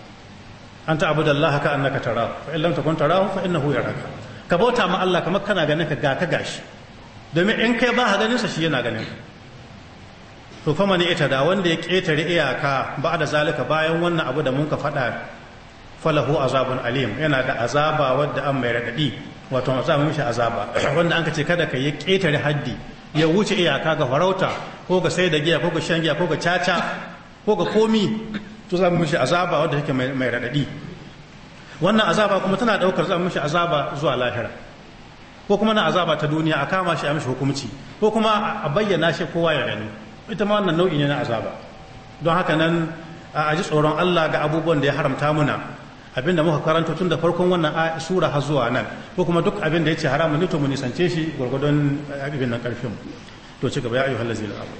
anta abudallaha ka annaka tarahu fa in lam takun tarahu fa innahu yaraka ka bauta ma Allah kamar kana ganin ka ga ka gashi domin in kai ba ganin sa shi yana ganin to fa mani ita da wanda ya ketare iyaka ba da zalika bayan wannan abu da mun ka faɗa falahu azabun alim yana da azaba wadda an mai radadi wato azabun shi azaba wanda an ka ce kada ka yi ketare haddi ya wuce iyaka ga farauta ko ga sai da giya ko ga shan giya ko ga caca ko ga komi to za mu azaba wanda yake mai raɗaɗi wannan azaba kuma tana daukar zan mishi azaba zuwa lahira ko kuma na azaba ta duniya a kama shi a mishi hukunci ko kuma a bayyana shi kowa ya gani ita ma wannan nau'i ne na azaba don haka nan a ji tsoron Allah ga abubuwan da ya haramta muna abin da muka karanta tun da farkon wannan sura har zuwa nan ko kuma duk abin da ya ce haramun ne to mu nisance shi gwargwadon abin nan karfin to ci gaba ya ayyuhal ladzina amanu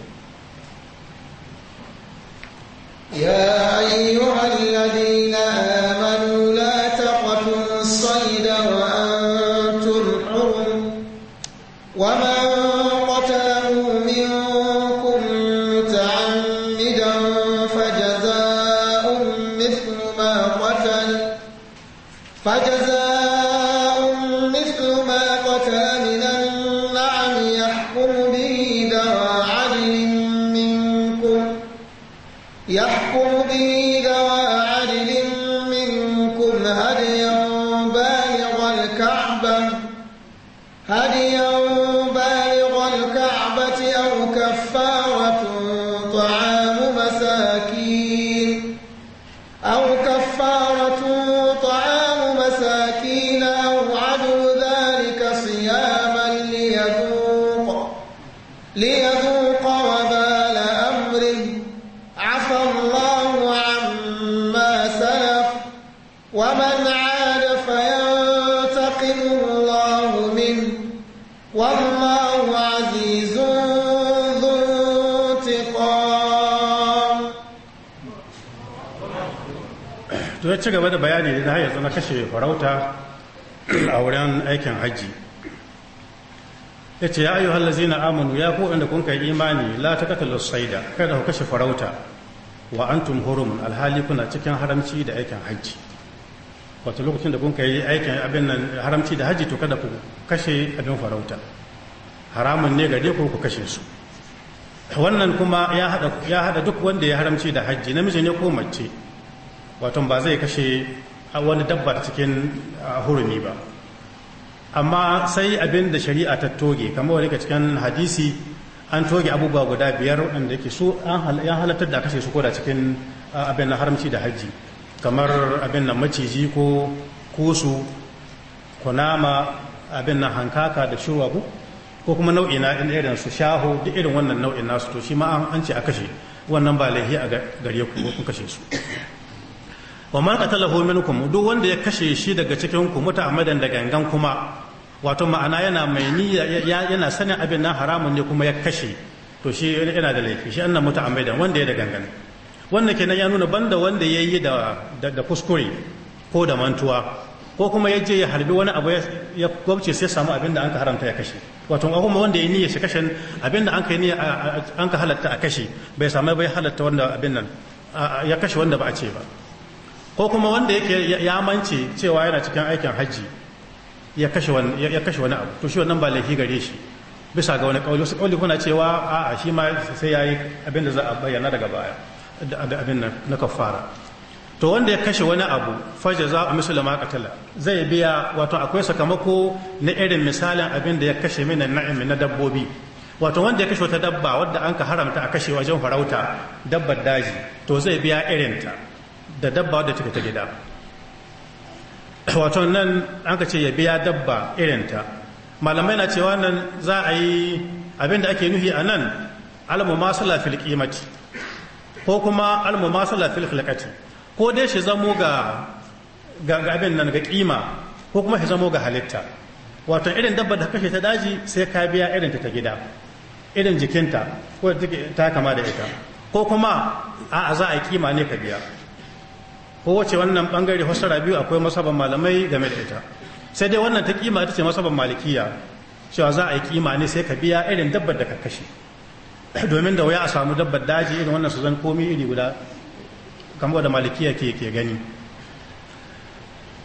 يا أيها الذين آمنوا لا 我们。ci gaba da bayani da har yanzu na kashe farauta a wurin aikin hajji ya ce ya hallazi na amonu ya ku inda kun kai imani la ta taqatulu saida kada ku kashe farauta wa antum hurumun alhali kuna cikin haramci da aikin hajji Wata lokacin da kun kai aikin abin nan haramci da hajji to kada ku kashe abin farauta haramun ne gare ku ku kashe su wannan kuma ya hada duk wanda ya haramci da hajji namiji ne ko mace waton ba zai kashe wani dabbar cikin hurumi ba amma sai abin da shari'a ta toge kamar wani cikin hadisi an toge abubuwa guda biyar wanda yake so an halattar da kashe su koda cikin abin na haramci da hajji kamar abin na maciji ko kusu kunama abin na hankaka da shurwabu ko kuma nau'i na irin su shaho duk irin wannan nau'in nasu to shi ma an ce a kashe wannan ba laifi a gare ku kun kashe su wa man qatalahu minkum duk wanda ya kashe shi daga cikin ku amadan da gangan kuma wato ma'ana yana mai niyya yana sanin abin nan haramun ne kuma ya kashe to shi yana da laifi shi annan amadan wanda ya da gangan wannan kenan ya nuna banda wanda ya yi da kuskure ko da mantuwa ko kuma ya je ya harbi wani abu ya gwabce sai samu abin da an ka haramta ya kashe wato kuma wanda ya niyya shi kashe abin da an ka niyya an ka halatta a kashe bai samu bai halatta wanda abin nan ya kashe wanda ba a ce ba ko kuma wanda yake ya mance cewa yana cikin aikin hajji ya kashe wani abu to shi wannan ba laifi gare shi bisa ga wani kauli wasu kauli kuna cewa a'a shi ma sai ya yi abin da za a bayyana daga baya da abin na kafara to wanda ya kashe wani abu fajar za a misali ma katala zai biya wato akwai sakamako na irin misalin abin da ya kashe mina na'im na dabbobi wato wanda ya kashe wata dabba wadda an ka haramta a kashe wajen farauta dabbar daji to zai biya irinta da dabba wadda ta gida wato nan an ka ce ya biya dabba irinta malamai na cewa nan za a yi abin da ake nuhi a nan almumasala fil kimati ko kuma almumasala fil filkati, ko dai shi zamo ga abin nan ga kima ko kuma shi zamo ga halitta wato irin dabba da kashe ta daji sai ka biya irin ta gida irin jikinta ko ta kama da ita ko kuma a za a yi kima ne ka biya kowace wannan bangare fassara biyu akwai masaban malamai game da ita sai dai wannan ta kima ita ce masaban malikiya cewa za a yi kima ne sai ka biya irin dabbar da ka domin da waya a samu dabbar daji irin wannan su zan komi iri guda kamar da malikiya ke ke gani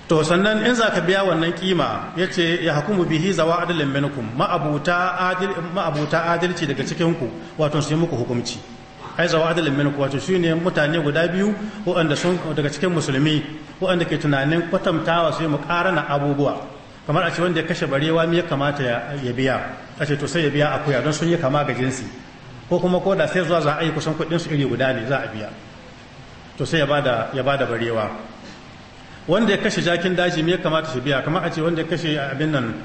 to sannan in za ka biya wannan kima ya ce ya hakumu bihi zawa adalin minkum ma'abuta adalci daga cikinku wato su yi muku hukumci ai zawa adalin min wato ne mutane guda biyu waɗanda sun daga cikin musulmi waɗanda ke tunanin kwatantawa su yi mu na abubuwa kamar a ce wanda ya kashe barewa me ya kamata ya biya a ce to sai ya biya akuya don sun yi kama ga jinsi ko kuma ko da sai zuwa za a yi kusan kuɗin su iri guda ne za a biya to sai ya bada ya bada barewa wanda ya kashe jakin daji me ya kamata shi biya kamar a ce wanda ya kashe abin nan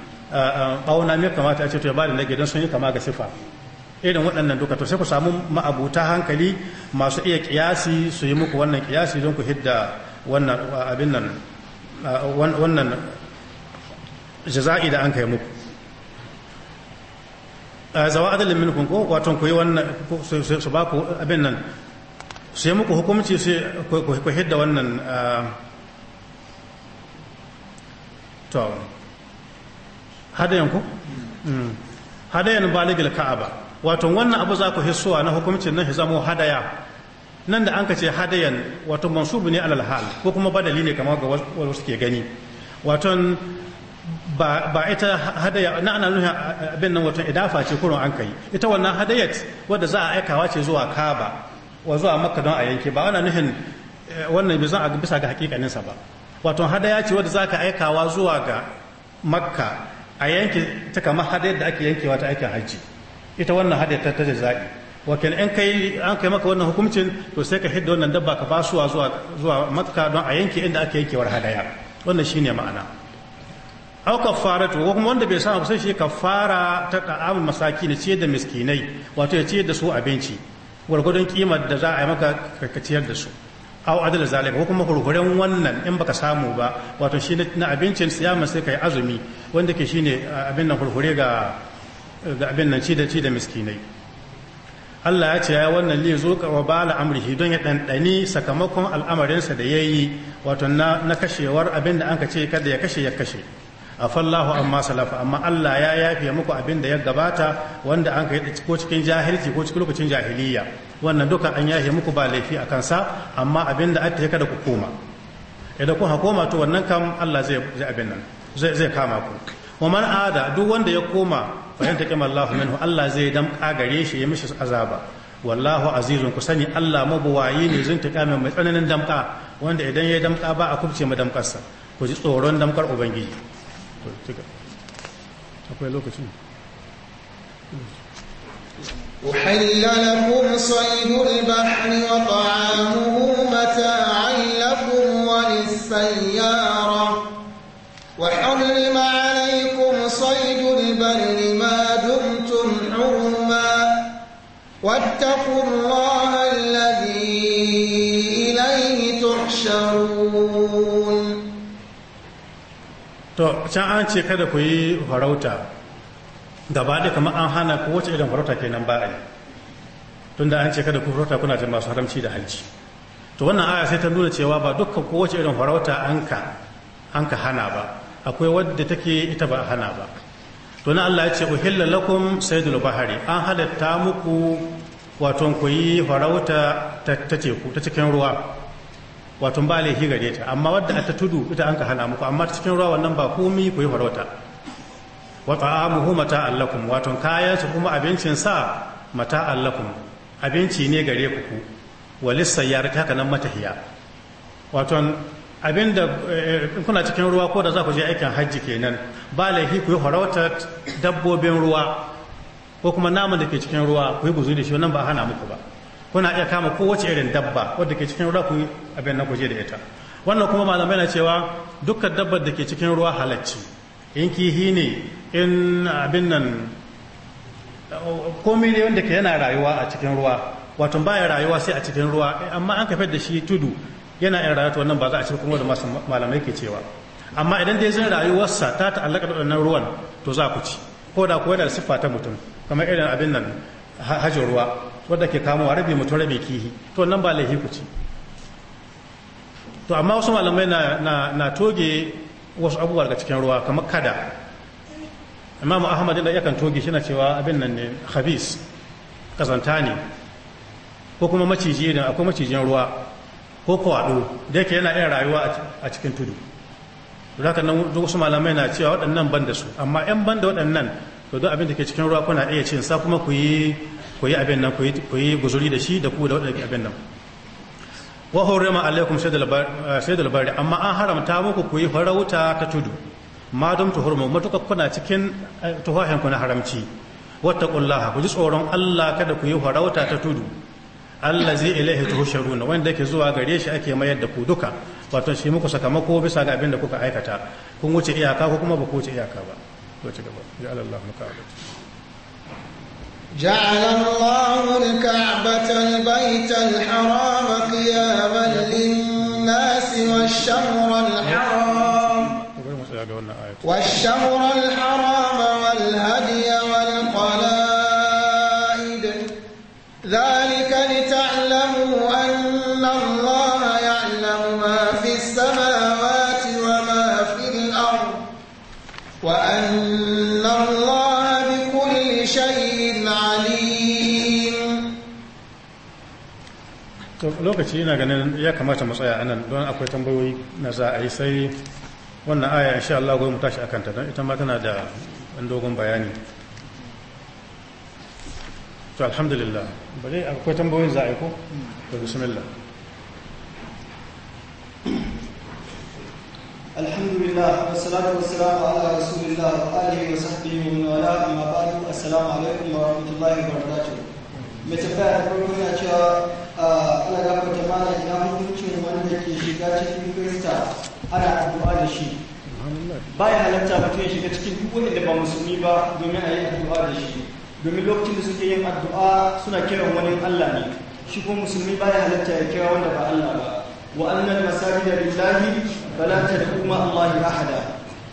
ɓauna me ya kamata a ce to ya bada nage don sun yi kama ga sifa irin waɗannan duka to sai ku samu ma'abuta hankali masu iya kiyasi su yi muku wannan kiyasi don ku hidda wannan abin nan wannan jaza'i da an kai muku zawa adalin minkum ko wato ku yi wannan su ba ku abin nan su yi muku hukumci su ku hidda wannan to hadayan ku hmm. hadayan baligil ka'aba wato wannan abu za ku hissuwa na hukuncin nan zamo hadaya nan da an ka ce hadayan wato mansubu ne alal hal ko kuma badali ne kamar ga wasu ke gani wato ba ita hadaya na ana nuna abin nan wato idafa ce kurun an kai ita wannan hadayat wadda za a aikawa ce zuwa kaba wa zuwa makka don a yanke ba ana nuhin eh, wannan bai a bisa ga hakikaninsa ba wato hadaya ce wadda za ka aikawa zuwa ga makka a yanke ta kamar hadayar da ake yankewa ta aikin hajji ita wannan hadiyar ta ta jazai wakil in kai an kai maka wannan hukuncin to sai ka hidda wannan dabba ka basuwa zuwa zuwa matka don a yanke inda aka yankewar hadaya wannan shine ma'ana aw kafaratu ko kuma wanda bai sa sai shi kafara ta masaki ne ce da miskinai wato ya ciyar da su abinci gwargwadon kimar da za a yi maka ka ciyar da su aw adala zalika ko kuma gurguren wannan in baka samu ba wato shi na abincin siyama sai kai azumi wanda ke shine abin nan gurgure ga da abin nan ci da ci da miskinai Allah ya ce ya wannan li ka wa bala amrihi don ya ɗanɗani sakamakon al'amarinsa da yayi wato na kashewar abin da an ka ce kada ya kashe ya kashe A fallahu amma salafa amma Allah ya yafe muku abin da ya gabata wanda an ka yi ko cikin jahilci ko cikin lokacin jahiliya wannan duka an yafe muku ba laifi a kansa amma abin da aka kada ku koma idan kun koma to wannan kam Allah zai abin nan zai kama ku wa man ada duk wanda ya koma wa yantaqim Allahu minhu Allah zai damƙa gare shi ya mishi azaba wallahu azizun ku sani Allah mabuwayi ne zai taka mai tsananin damƙa wanda idan ya damƙa ba a kubce ma damƙarsa ku ji tsoron damƙar ubangiji akwai lokaci أحل لكم صيد البحر وطعامه متاعا لكم وللسيارة وحرم عليكم صيد البر واتقوا الله الذي إليه تحشرون to can an ce kada ku yi farauta gaba da kamar an hana ku wace irin farauta kenan ba Tun da an ce kada ku farauta kuna jin masu haramci da hanci to wannan aya sai ta nuna cewa ba dukkan wace irin farauta an ka hana ba akwai wadda take ita ba a hana ba to na Allah ya ce uhilla lakum saydul bahari an halatta muku wato ku yi farauta ta teku ta cikin ruwa wato ba laifi gare ta amma wadda ta tudu ita an ka hana muku amma cikin ruwa wannan ba komi ku yi farauta wa ta'amuhu mata allakum wato kayan su kuma abincin sa mata allakum abinci ne gare ku ku walis ya haka nan matahiya wato abinda eh, kuna cikin ruwa ko da za ku je aikin hajji kenan ba laifi ku yi harautar dabbobin ruwa ko kuma naman da ke cikin ruwa ku yi guzuri da shi wannan ba hana muku ba kuna iya kama kowace irin dabba wadda ke cikin ruwa ku yi abin na kuje da ita wannan kuma malamai na cewa dukkan dabbar da ke cikin ruwa halacci in kihi ne in abin nan komai ne wanda ke yana rayuwa a cikin ruwa wato baya rayuwa sai a cikin ruwa amma an kafe da shi tudu yana yin rayuwa wannan ba za a cikin kuma da masu malamai ke cewa amma idan dai zan rayuwarsa ta ta'allaka da waɗannan ruwan to za ku ci ko da kuwa da siffa ta mutum kamar irin abin nan hajjin ruwa wadda ke a rabi mutum rabi kihi to nan ba laifi ku ci to amma wasu malamai na toge wasu abubuwa daga cikin ruwa kamar kada imamu ahmad da yakan toge shi na cewa abin nan ne habis kazanta ne ko kuma maciji idan akwai macijin ruwa ko kwaɗo da yake yana iya rayuwa a cikin tudu to nan duk wasu malamai na cewa waɗannan ban da su amma yan ban da waɗannan to duk abin da ke cikin ruwa kuna iya cin sa kuma ku yi abin nan ku yi guzuri da shi da ku da waɗannan abin nan wa hurrima alaikum sayyidul bari amma an haramta muku ku yi farauta ta tudu ma dum tuhurmu matuka kuna cikin eh, tuhahin ku na haramci wattaqullaha ku ji tsoron Allah kada ku yi farauta ta tudu allah allazi ilaihi tuhsharuna wanda yake zuwa gare shi ake mayar da ku duka wato shi muku sakamako bisa ga abin da kuka aikata kun wuce iyaka ko kuma ba ku wuce iyaka ba to ci gaba ya Allah muka جعل الله الكعبة البيت الحرام قياما للناس والشهر الحرام والشهر الحرام والهدي lokaci ina ganin ya kamata mu tsaya anan don akwai tambayoyi na za a yi sai wannan aya insha Allah goyi mu tashi akan ta don ita ma tana da ɗan dogon bayani to alhamdulillah bare akwai tambayoyin za a yi ko to bismillah alhamdulillah ala rasulillah wa alihi wa sahbihi wa man wala amma ba'du assalamu alaikum wa rahmatullahi wa barakatuh mai tafiya ana gafata mana ina hukuncin wanda ke shiga cikin kirista ana addu'a da shi baya halatta mutum ya shiga cikin duk wani da ba musulmi ba domin a yi addu'a da shi domin lokacin da suke yin addu'a suna kiran wani Allah ne shi ko musulmi baya halatta ya kira wanda ba Allah ba wa annal masajida lillahi fala tad'u ma Allah ahada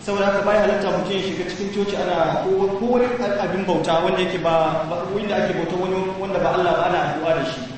saboda haka baya halatta mutum ya shiga cikin coci ana ko wani abin bauta wanda yake ba wanda ake bauta wani wanda ba Allah ba ana addu'a da shi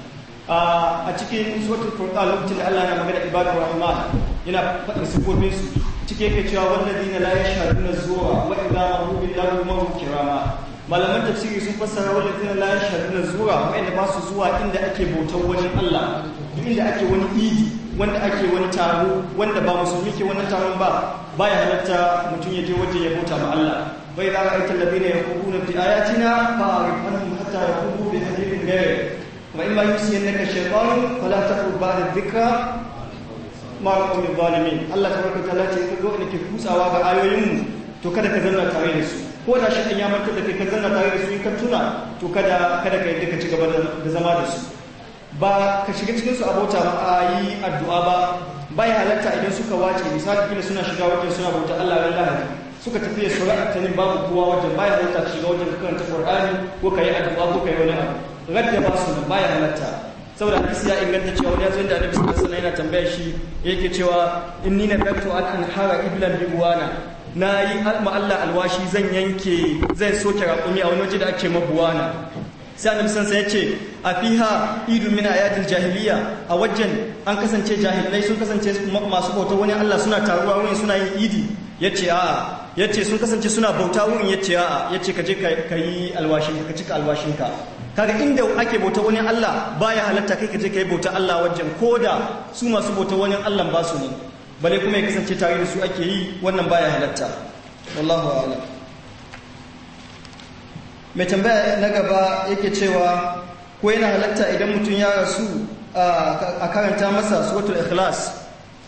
a cikin suratul furqan lokacin da Allah ya magana ibadur rahman yana fadin sifofin su cike yake cewa walladina la yashhaduna zuwa wa idza maru billahi maru kirama malaman tafsiri sun fassara walladina la yashhaduna zuwa wa inda ba su zuwa inda ake bautar wani Allah inda ake wani idi wanda ake wani taro wanda ba musulmi ke wannan taron ba baya halatta mutum ya je waje ya bauta ma Allah bai za a aita labina ya kubu na fi ayatina ba a rifanin hatta ya kubu da hadirin gare وإما ينسينك الشيطان فلا تقرب بعد الذكرى مع القوم الظالمين الله تبارك وتعالى يقول إنك كوسا وابا آيوين to kada ka zanna tare da su ko da shi ya mantar da kai ka zanna da su in ka tuna to kada kada ka yadda ka ci gaba da zama da su ba ka shiga cikin su abota ba a yi addu'a ba ya halatta idan suka wace misali suna shiga wajen suna bauta Allah ran lahadi suka tafi ya sura ta babu kowa wajen bayan wata shiga wajen ka karanta Qur'ani ko kai addu'a ko kai wani abu radda ba su ba ya halatta saboda hadisi ya inganta cewa wani yazo inda annabi sallallahu alaihi wasallam yana tambayar shi yake cewa inni nadartu an anhara iblan bi buwana na yi alma Allah alwashi zan yanke zan soke raƙumi a wani waje da ake mabuwana sai annabi sansa ya ce a fiha idu min ayatil jahiliya a wajen an kasance jahilai sun kasance masu bauta wani Allah suna taruwa wani suna yin idi yace a'a yace sun kasance suna bauta wurin yace a yace ka je ka yi alwashin ka cika alwashin ka kaga inda ake bauta wani Allah baya halatta kai ka je kai bauta Allah wajen koda su masu bauta wani Allah ba su ne bale kuma ya kasance tare da su ake yi wannan baya halatta wallahu a'lam mai tambaya na gaba yake cewa ko yana halatta idan mutum ya rasu a karanta masa suratul ikhlas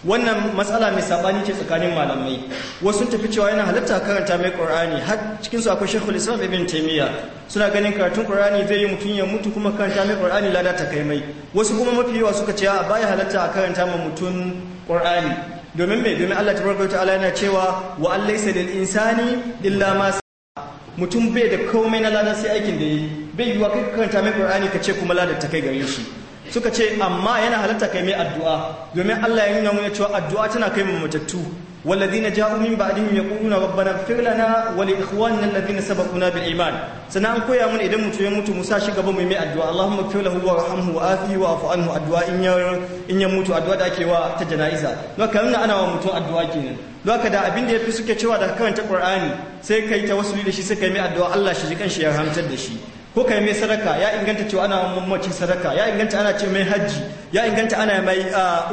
wannan matsala mai sabani ce tsakanin malamai wasu sun tafi cewa yana halatta karanta mai qur'ani har cikin su akwai shekul islam ibn taymiya suna ganin karatun qur'ani zai yi mutum ya mutu kuma karanta mai qur'ani lada ta kai mai wasu kuma mafi yawa suka ce a baya halatta a karanta ma mutum qur'ani domin me domin Allah tabaraka ta'ala yana cewa wa allaysa lil insani illa ma mutum bai da komai na lada sai aikin da ya yi bai yiwa kai karanta mai qur'ani ka ce kuma lada ta kai gare shi suka ce amma yana halatta kai mai addu'a domin Allah ya nuna mu cewa addu'a tana kai mu matattu na والذين جاءوا na بعدهم يقولون ربنا اغفر na ولاخواننا الذين iman بالايمان an koya mun idan mutum ya mutu musa shi gaba mai mai addu'a Allahumma ighfir lahu warhamhu wa afihi wa afu anhu addu'a in ya mutu addu'a da ake wa ta janaiza don ka nuna ana wa mutu addu'a kenan don ka da abin da yafi suke cewa da karanta Qur'ani sai kai ta wasu da shi sai kai mai addu'a Allah shi ji kanshi ya da shi ko kai mai sadaka ya inganta cewa ana mamaci sadaka ya inganta ana ce mai hajji ya inganta ana mai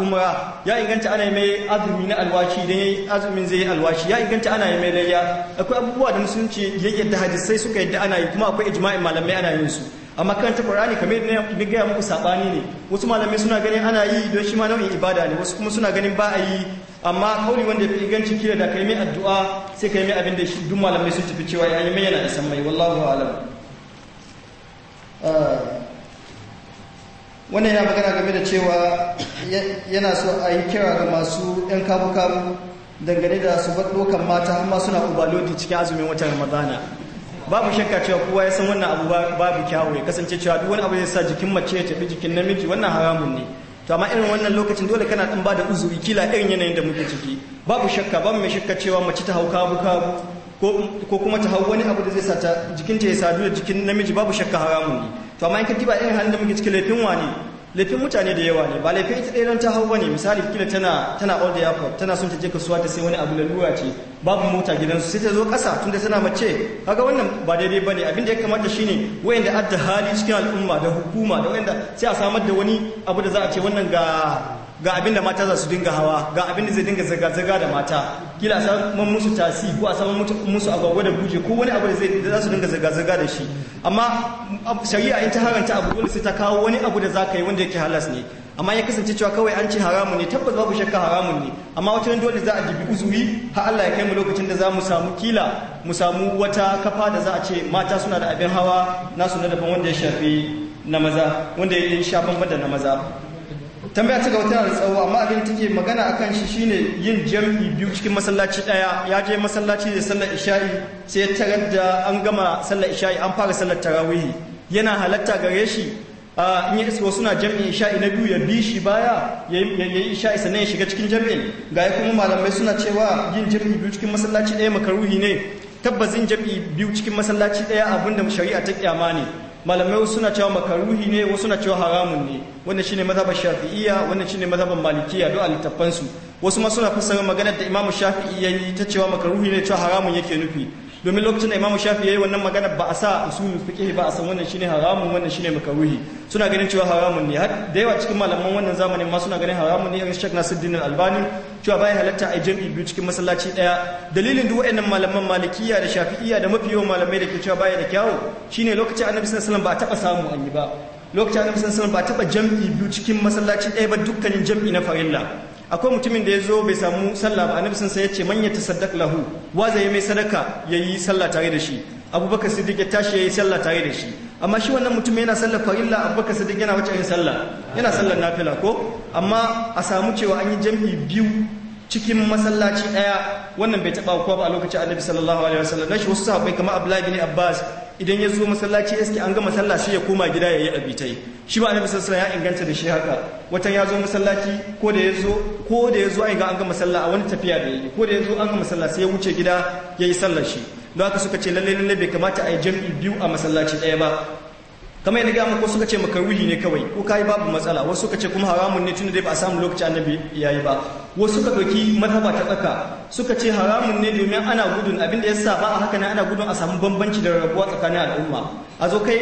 umra ya inganta ana mai azumi na alwashi dan azumin zai yi alwashi ya inganta ana mai layya akwai abubuwa da musulunci ya yadda hadisai suka yadda ana yi kuma akwai ijma'in malamai ana yin su amma karanta Qur'ani kamar yadda na gaya muku sabani ne wasu malamai suna ganin ana yi don shi ma nau'in ibada ne wasu kuma suna ganin ba a yi amma kauli wanda fi ganci kira da kai mai addu'a sai kai mai abin da shi duk malamai sun tafi cewa yayi mai yana da mai wallahu a'lam Uh, wannan yana magana game da cewa yana so a yi kira ga masu 'yan kabu-kabu dangane da su ɗaukan mata amma suna ubalodi cikin azumin watan ramadana babu shakka cewa kowa ya san wannan abu babu kyawu ya kasance cewa duk wani abu zai sa jikin mace ya tafi jikin namiji wannan haramun ne to amma irin wannan lokacin dole kana dan ba da uzuri kila irin yanayin da muke ciki babu shakka babu mai shakka cewa mace ta hau kabu kabu ko kuma ta hau wani abu da zai sata jikinta ya sadu da jikin namiji babu shakka haramun ne to amma in ka diba irin halin da muke cikin laifin wani laifin mutane da yawa ne ba laifin ita ɗaya don ta hau wani misali kila tana tana all airport tana son ta je kasuwa ta sai wani abu lalura ce babu mota gidansu sai ta zo ƙasa tunda tana mace kaga wannan ba daidai bane abin da ya kamata ne wayanda adda hali cikin al'umma da hukuma da wayanda sai a samar da wani abu da za a ce wannan ga ga abin da mata za su dinga hawa ga abin da zai dinga zirga-zirga da mata kila a saman musu tasi ko a saman musu agwagwa da guje ko wani abu da za su dinga zirga-zirga da shi amma shari'a in ta haranta abu dole sai ta kawo wani abu da za ka yi wanda yake halas ne amma ya kasance cewa kawai an ce haramun ne tabbas babu shakka haramun ne amma wata dole za a jibi uzuri har Allah ya kai mu lokacin da za mu samu kila mu samu wata kafa da za a ce mata suna da abin hawa nasu na daban wanda ya shafi na maza wanda ya shafi ban da na maza tambaya ta gaba tana da tsawo amma abin take magana akan shi shine yin jam'i biyu cikin masallaci daya ya je masallaci da sallar isha'i sai tarar da an gama sallar isha'i an fara sallar tarawih yana halatta gare shi in yi isko suna jam'in isha'i na biyu ya bi shi baya ya yi isha'i sannan ya shiga cikin jam'in ga kuma malamai suna cewa yin jam'i biyu cikin masallaci daya makaruhi ne tabbazin jam'i biyu cikin masallaci daya abinda shari'a ta kyama ne malamai suna cewa makaruhi ne wasu na cewa haramun ne wannan shine mazhabar shafi'iyya wannan shine mazhabar malikiya duk alittafan su wasu ma suna fassara maganar da imamu shafi'i yayi ta cewa makaruhi ne cewa haramun yake nufi domin lokacin da imamu shafi yayi wannan magana ba a sa usulul fiqh ba a san wannan shine haramun wannan shine makaruhi suna ganin cewa haramun ne har da yawa cikin malaman wannan zamanin ma suna ganin haramun ne irin Sheikh Nasiruddin Albani cewa bai halatta a jami'i biyu cikin masallaci daya dalilin duk wayannan malaman malikiya da shafi'iyya da mafi yawan malamai da ke cewa bai da kyawu shine lokacin annabi sallallahu alaihi ba a taba samu an yi ba lokacin annabi sallallahu alaihi ba a taba jami'i biyu cikin masallaci daya ba dukkanin jam'i na farilla akwai mutumin da ya zo bai samu sallah ba annabi sun sai ya ce ta yatasaddaq lahu wa zai mai sadaka ya yi sallah tare da shi abubakar siddiq ya tashi yayi sallah tare da shi amma shi wannan mutum yana sallar farilla abubakar siddiq yana wace yin sallah yana sallar nafila ko amma a samu cewa an yi jam'i biyu cikin masallaci daya wannan bai taba kowa ba a lokacin annabi sallallahu alaihi wasallam dashi wasu sahabbai kamar abdullahi bin abbas idan ya zo masallaci eski an ga sallah sai ya koma gida ya yi abitai shi ma annabi sallallahu alaihi ya inganta da shi haka watan ya zo masallaci ko da ya zo ko da ya zo an ga an gama sallah a wani tafiya da yake ko da ya zo an gama sallah sai ya wuce gida ya yi sallar shi don haka suka ce lalle lalle bai kamata a yi jam'i biyu a masallaci ɗaya ba kamar yadda gama ko suka ce makaruhi ne kawai ko kai babu matsala wasu suka ce kuma haramun ne tunda dai ba a samu lokaci annabi yayi ba wasu ka ɗauki mazhaba ta tsaka suka ce haramun ne domin ana gudun abin da sa ba a haka ne ana gudun a samu bambanci da rabuwa tsakanin al'umma a zo kai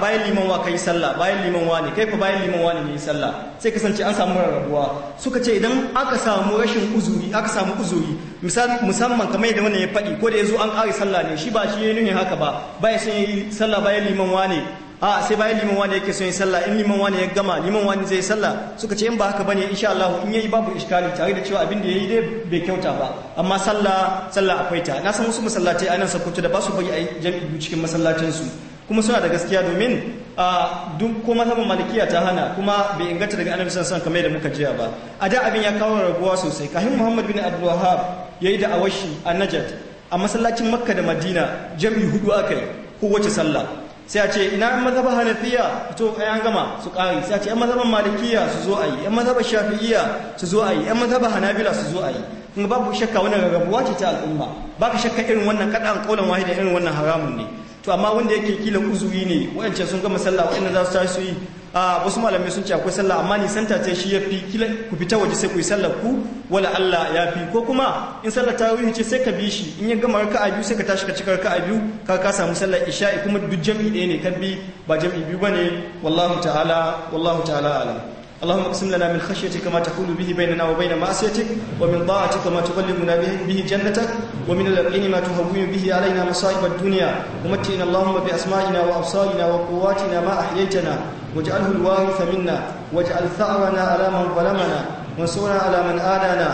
bayan liman wa kai sallah bayan liman wa ne kai fa bayan liman wa ne yi sallah sai kasance an samu rarrabuwa suka ce idan aka samu rashin uzuri aka samu uzuri musamman kamar yadda wannan ya faɗi ko da ya zo an ƙare sallah ne shi ba shi ya nuni haka ba bayan sun yi sallah bayan liman wa ne a sai bayan liman wani yake son yi sallah in liman wani ya gama liman wani zai salla suka ce in ba haka bane insha Allah in yayi babu iskali tare da cewa abin da yayi dai bai kyauta ba amma salla sallah akwai ta na san wasu masallatai anan sakkwato da ba su bari yi jami'i cikin masallacin su kuma suna da gaskiya domin a duk ko mazhabin malikiya ta hana kuma bai inganta daga annabi sallallahu alaihi kamar da muka jiya ba a da abin ya kawo raguwa sosai kafin Muhammad bin Abdul Wahhab yayi da awashi a Najat a masallacin Makka da Madina jami'i hudu akai kowace sallah sai a ce ina yan mazhaban hanafiya fito ai an gama su ƙari sai a ce yan mazhaban malikiya su zo a yi yan mazhaban shafi'iya su zo a yi yan mazhaban hanabila su zo a yi kuma babu shakka wannan rarrabuwa ce ta al'umma baka shakka irin wannan kadan kaulan wahida irin wannan haramun ne to amma wanda yake kila uzuri ne wayance sun gama sallah wayanda za su tashi su yi a wasu malamai sun ce akwai sallah amma ni santa ce shi yafi kila ku fita waje sai ku yi sallar ku wala Allah fi ko kuma in sallah ta wuce sai ka bi shi in ya gama raka'a biyu sai ka tashi ka cika raka'a biyu ka ka samu sallah isha'i kuma duk jami'i ɗaya ne kan bi ba jami'i biyu bane wallahu ta'ala wallahu ta'ala alam اللهم اقسم لنا من خشيتك ما تحول به بيننا وبين معصيتك ومن طاعتك ما تبلغنا به جنتك ومن اليقين ما تهون به علينا مصائب الدنيا ومتئنا اللهم بأسمائنا وأبصارنا وقواتنا ما أحييتنا واجعله الوارث منا واجعل ثأرنا على من ظلمنا وانصرنا على من آذانا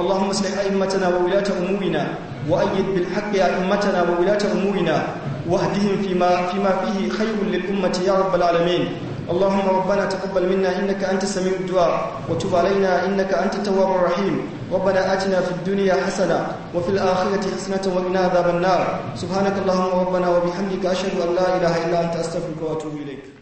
اللهم اصلح أئمتنا وولاة أمورنا وأيد بالحق أئمتنا وولاة أمورنا واهدهم فيما, فيما فيه خير للأمة يا رب العالمين اللهم ربنا تقبل منا إنك أنت سميع الدعاء وتب علينا إنك أنت التواب الرحيم ربنا آتنا في الدنيا حسنة وفي الآخرة حسنة وقنا عذاب النار سبحانك اللهم ربنا وبحمدك أشهد أن لا إله إلا أنت أستغفرك وأتوب إليك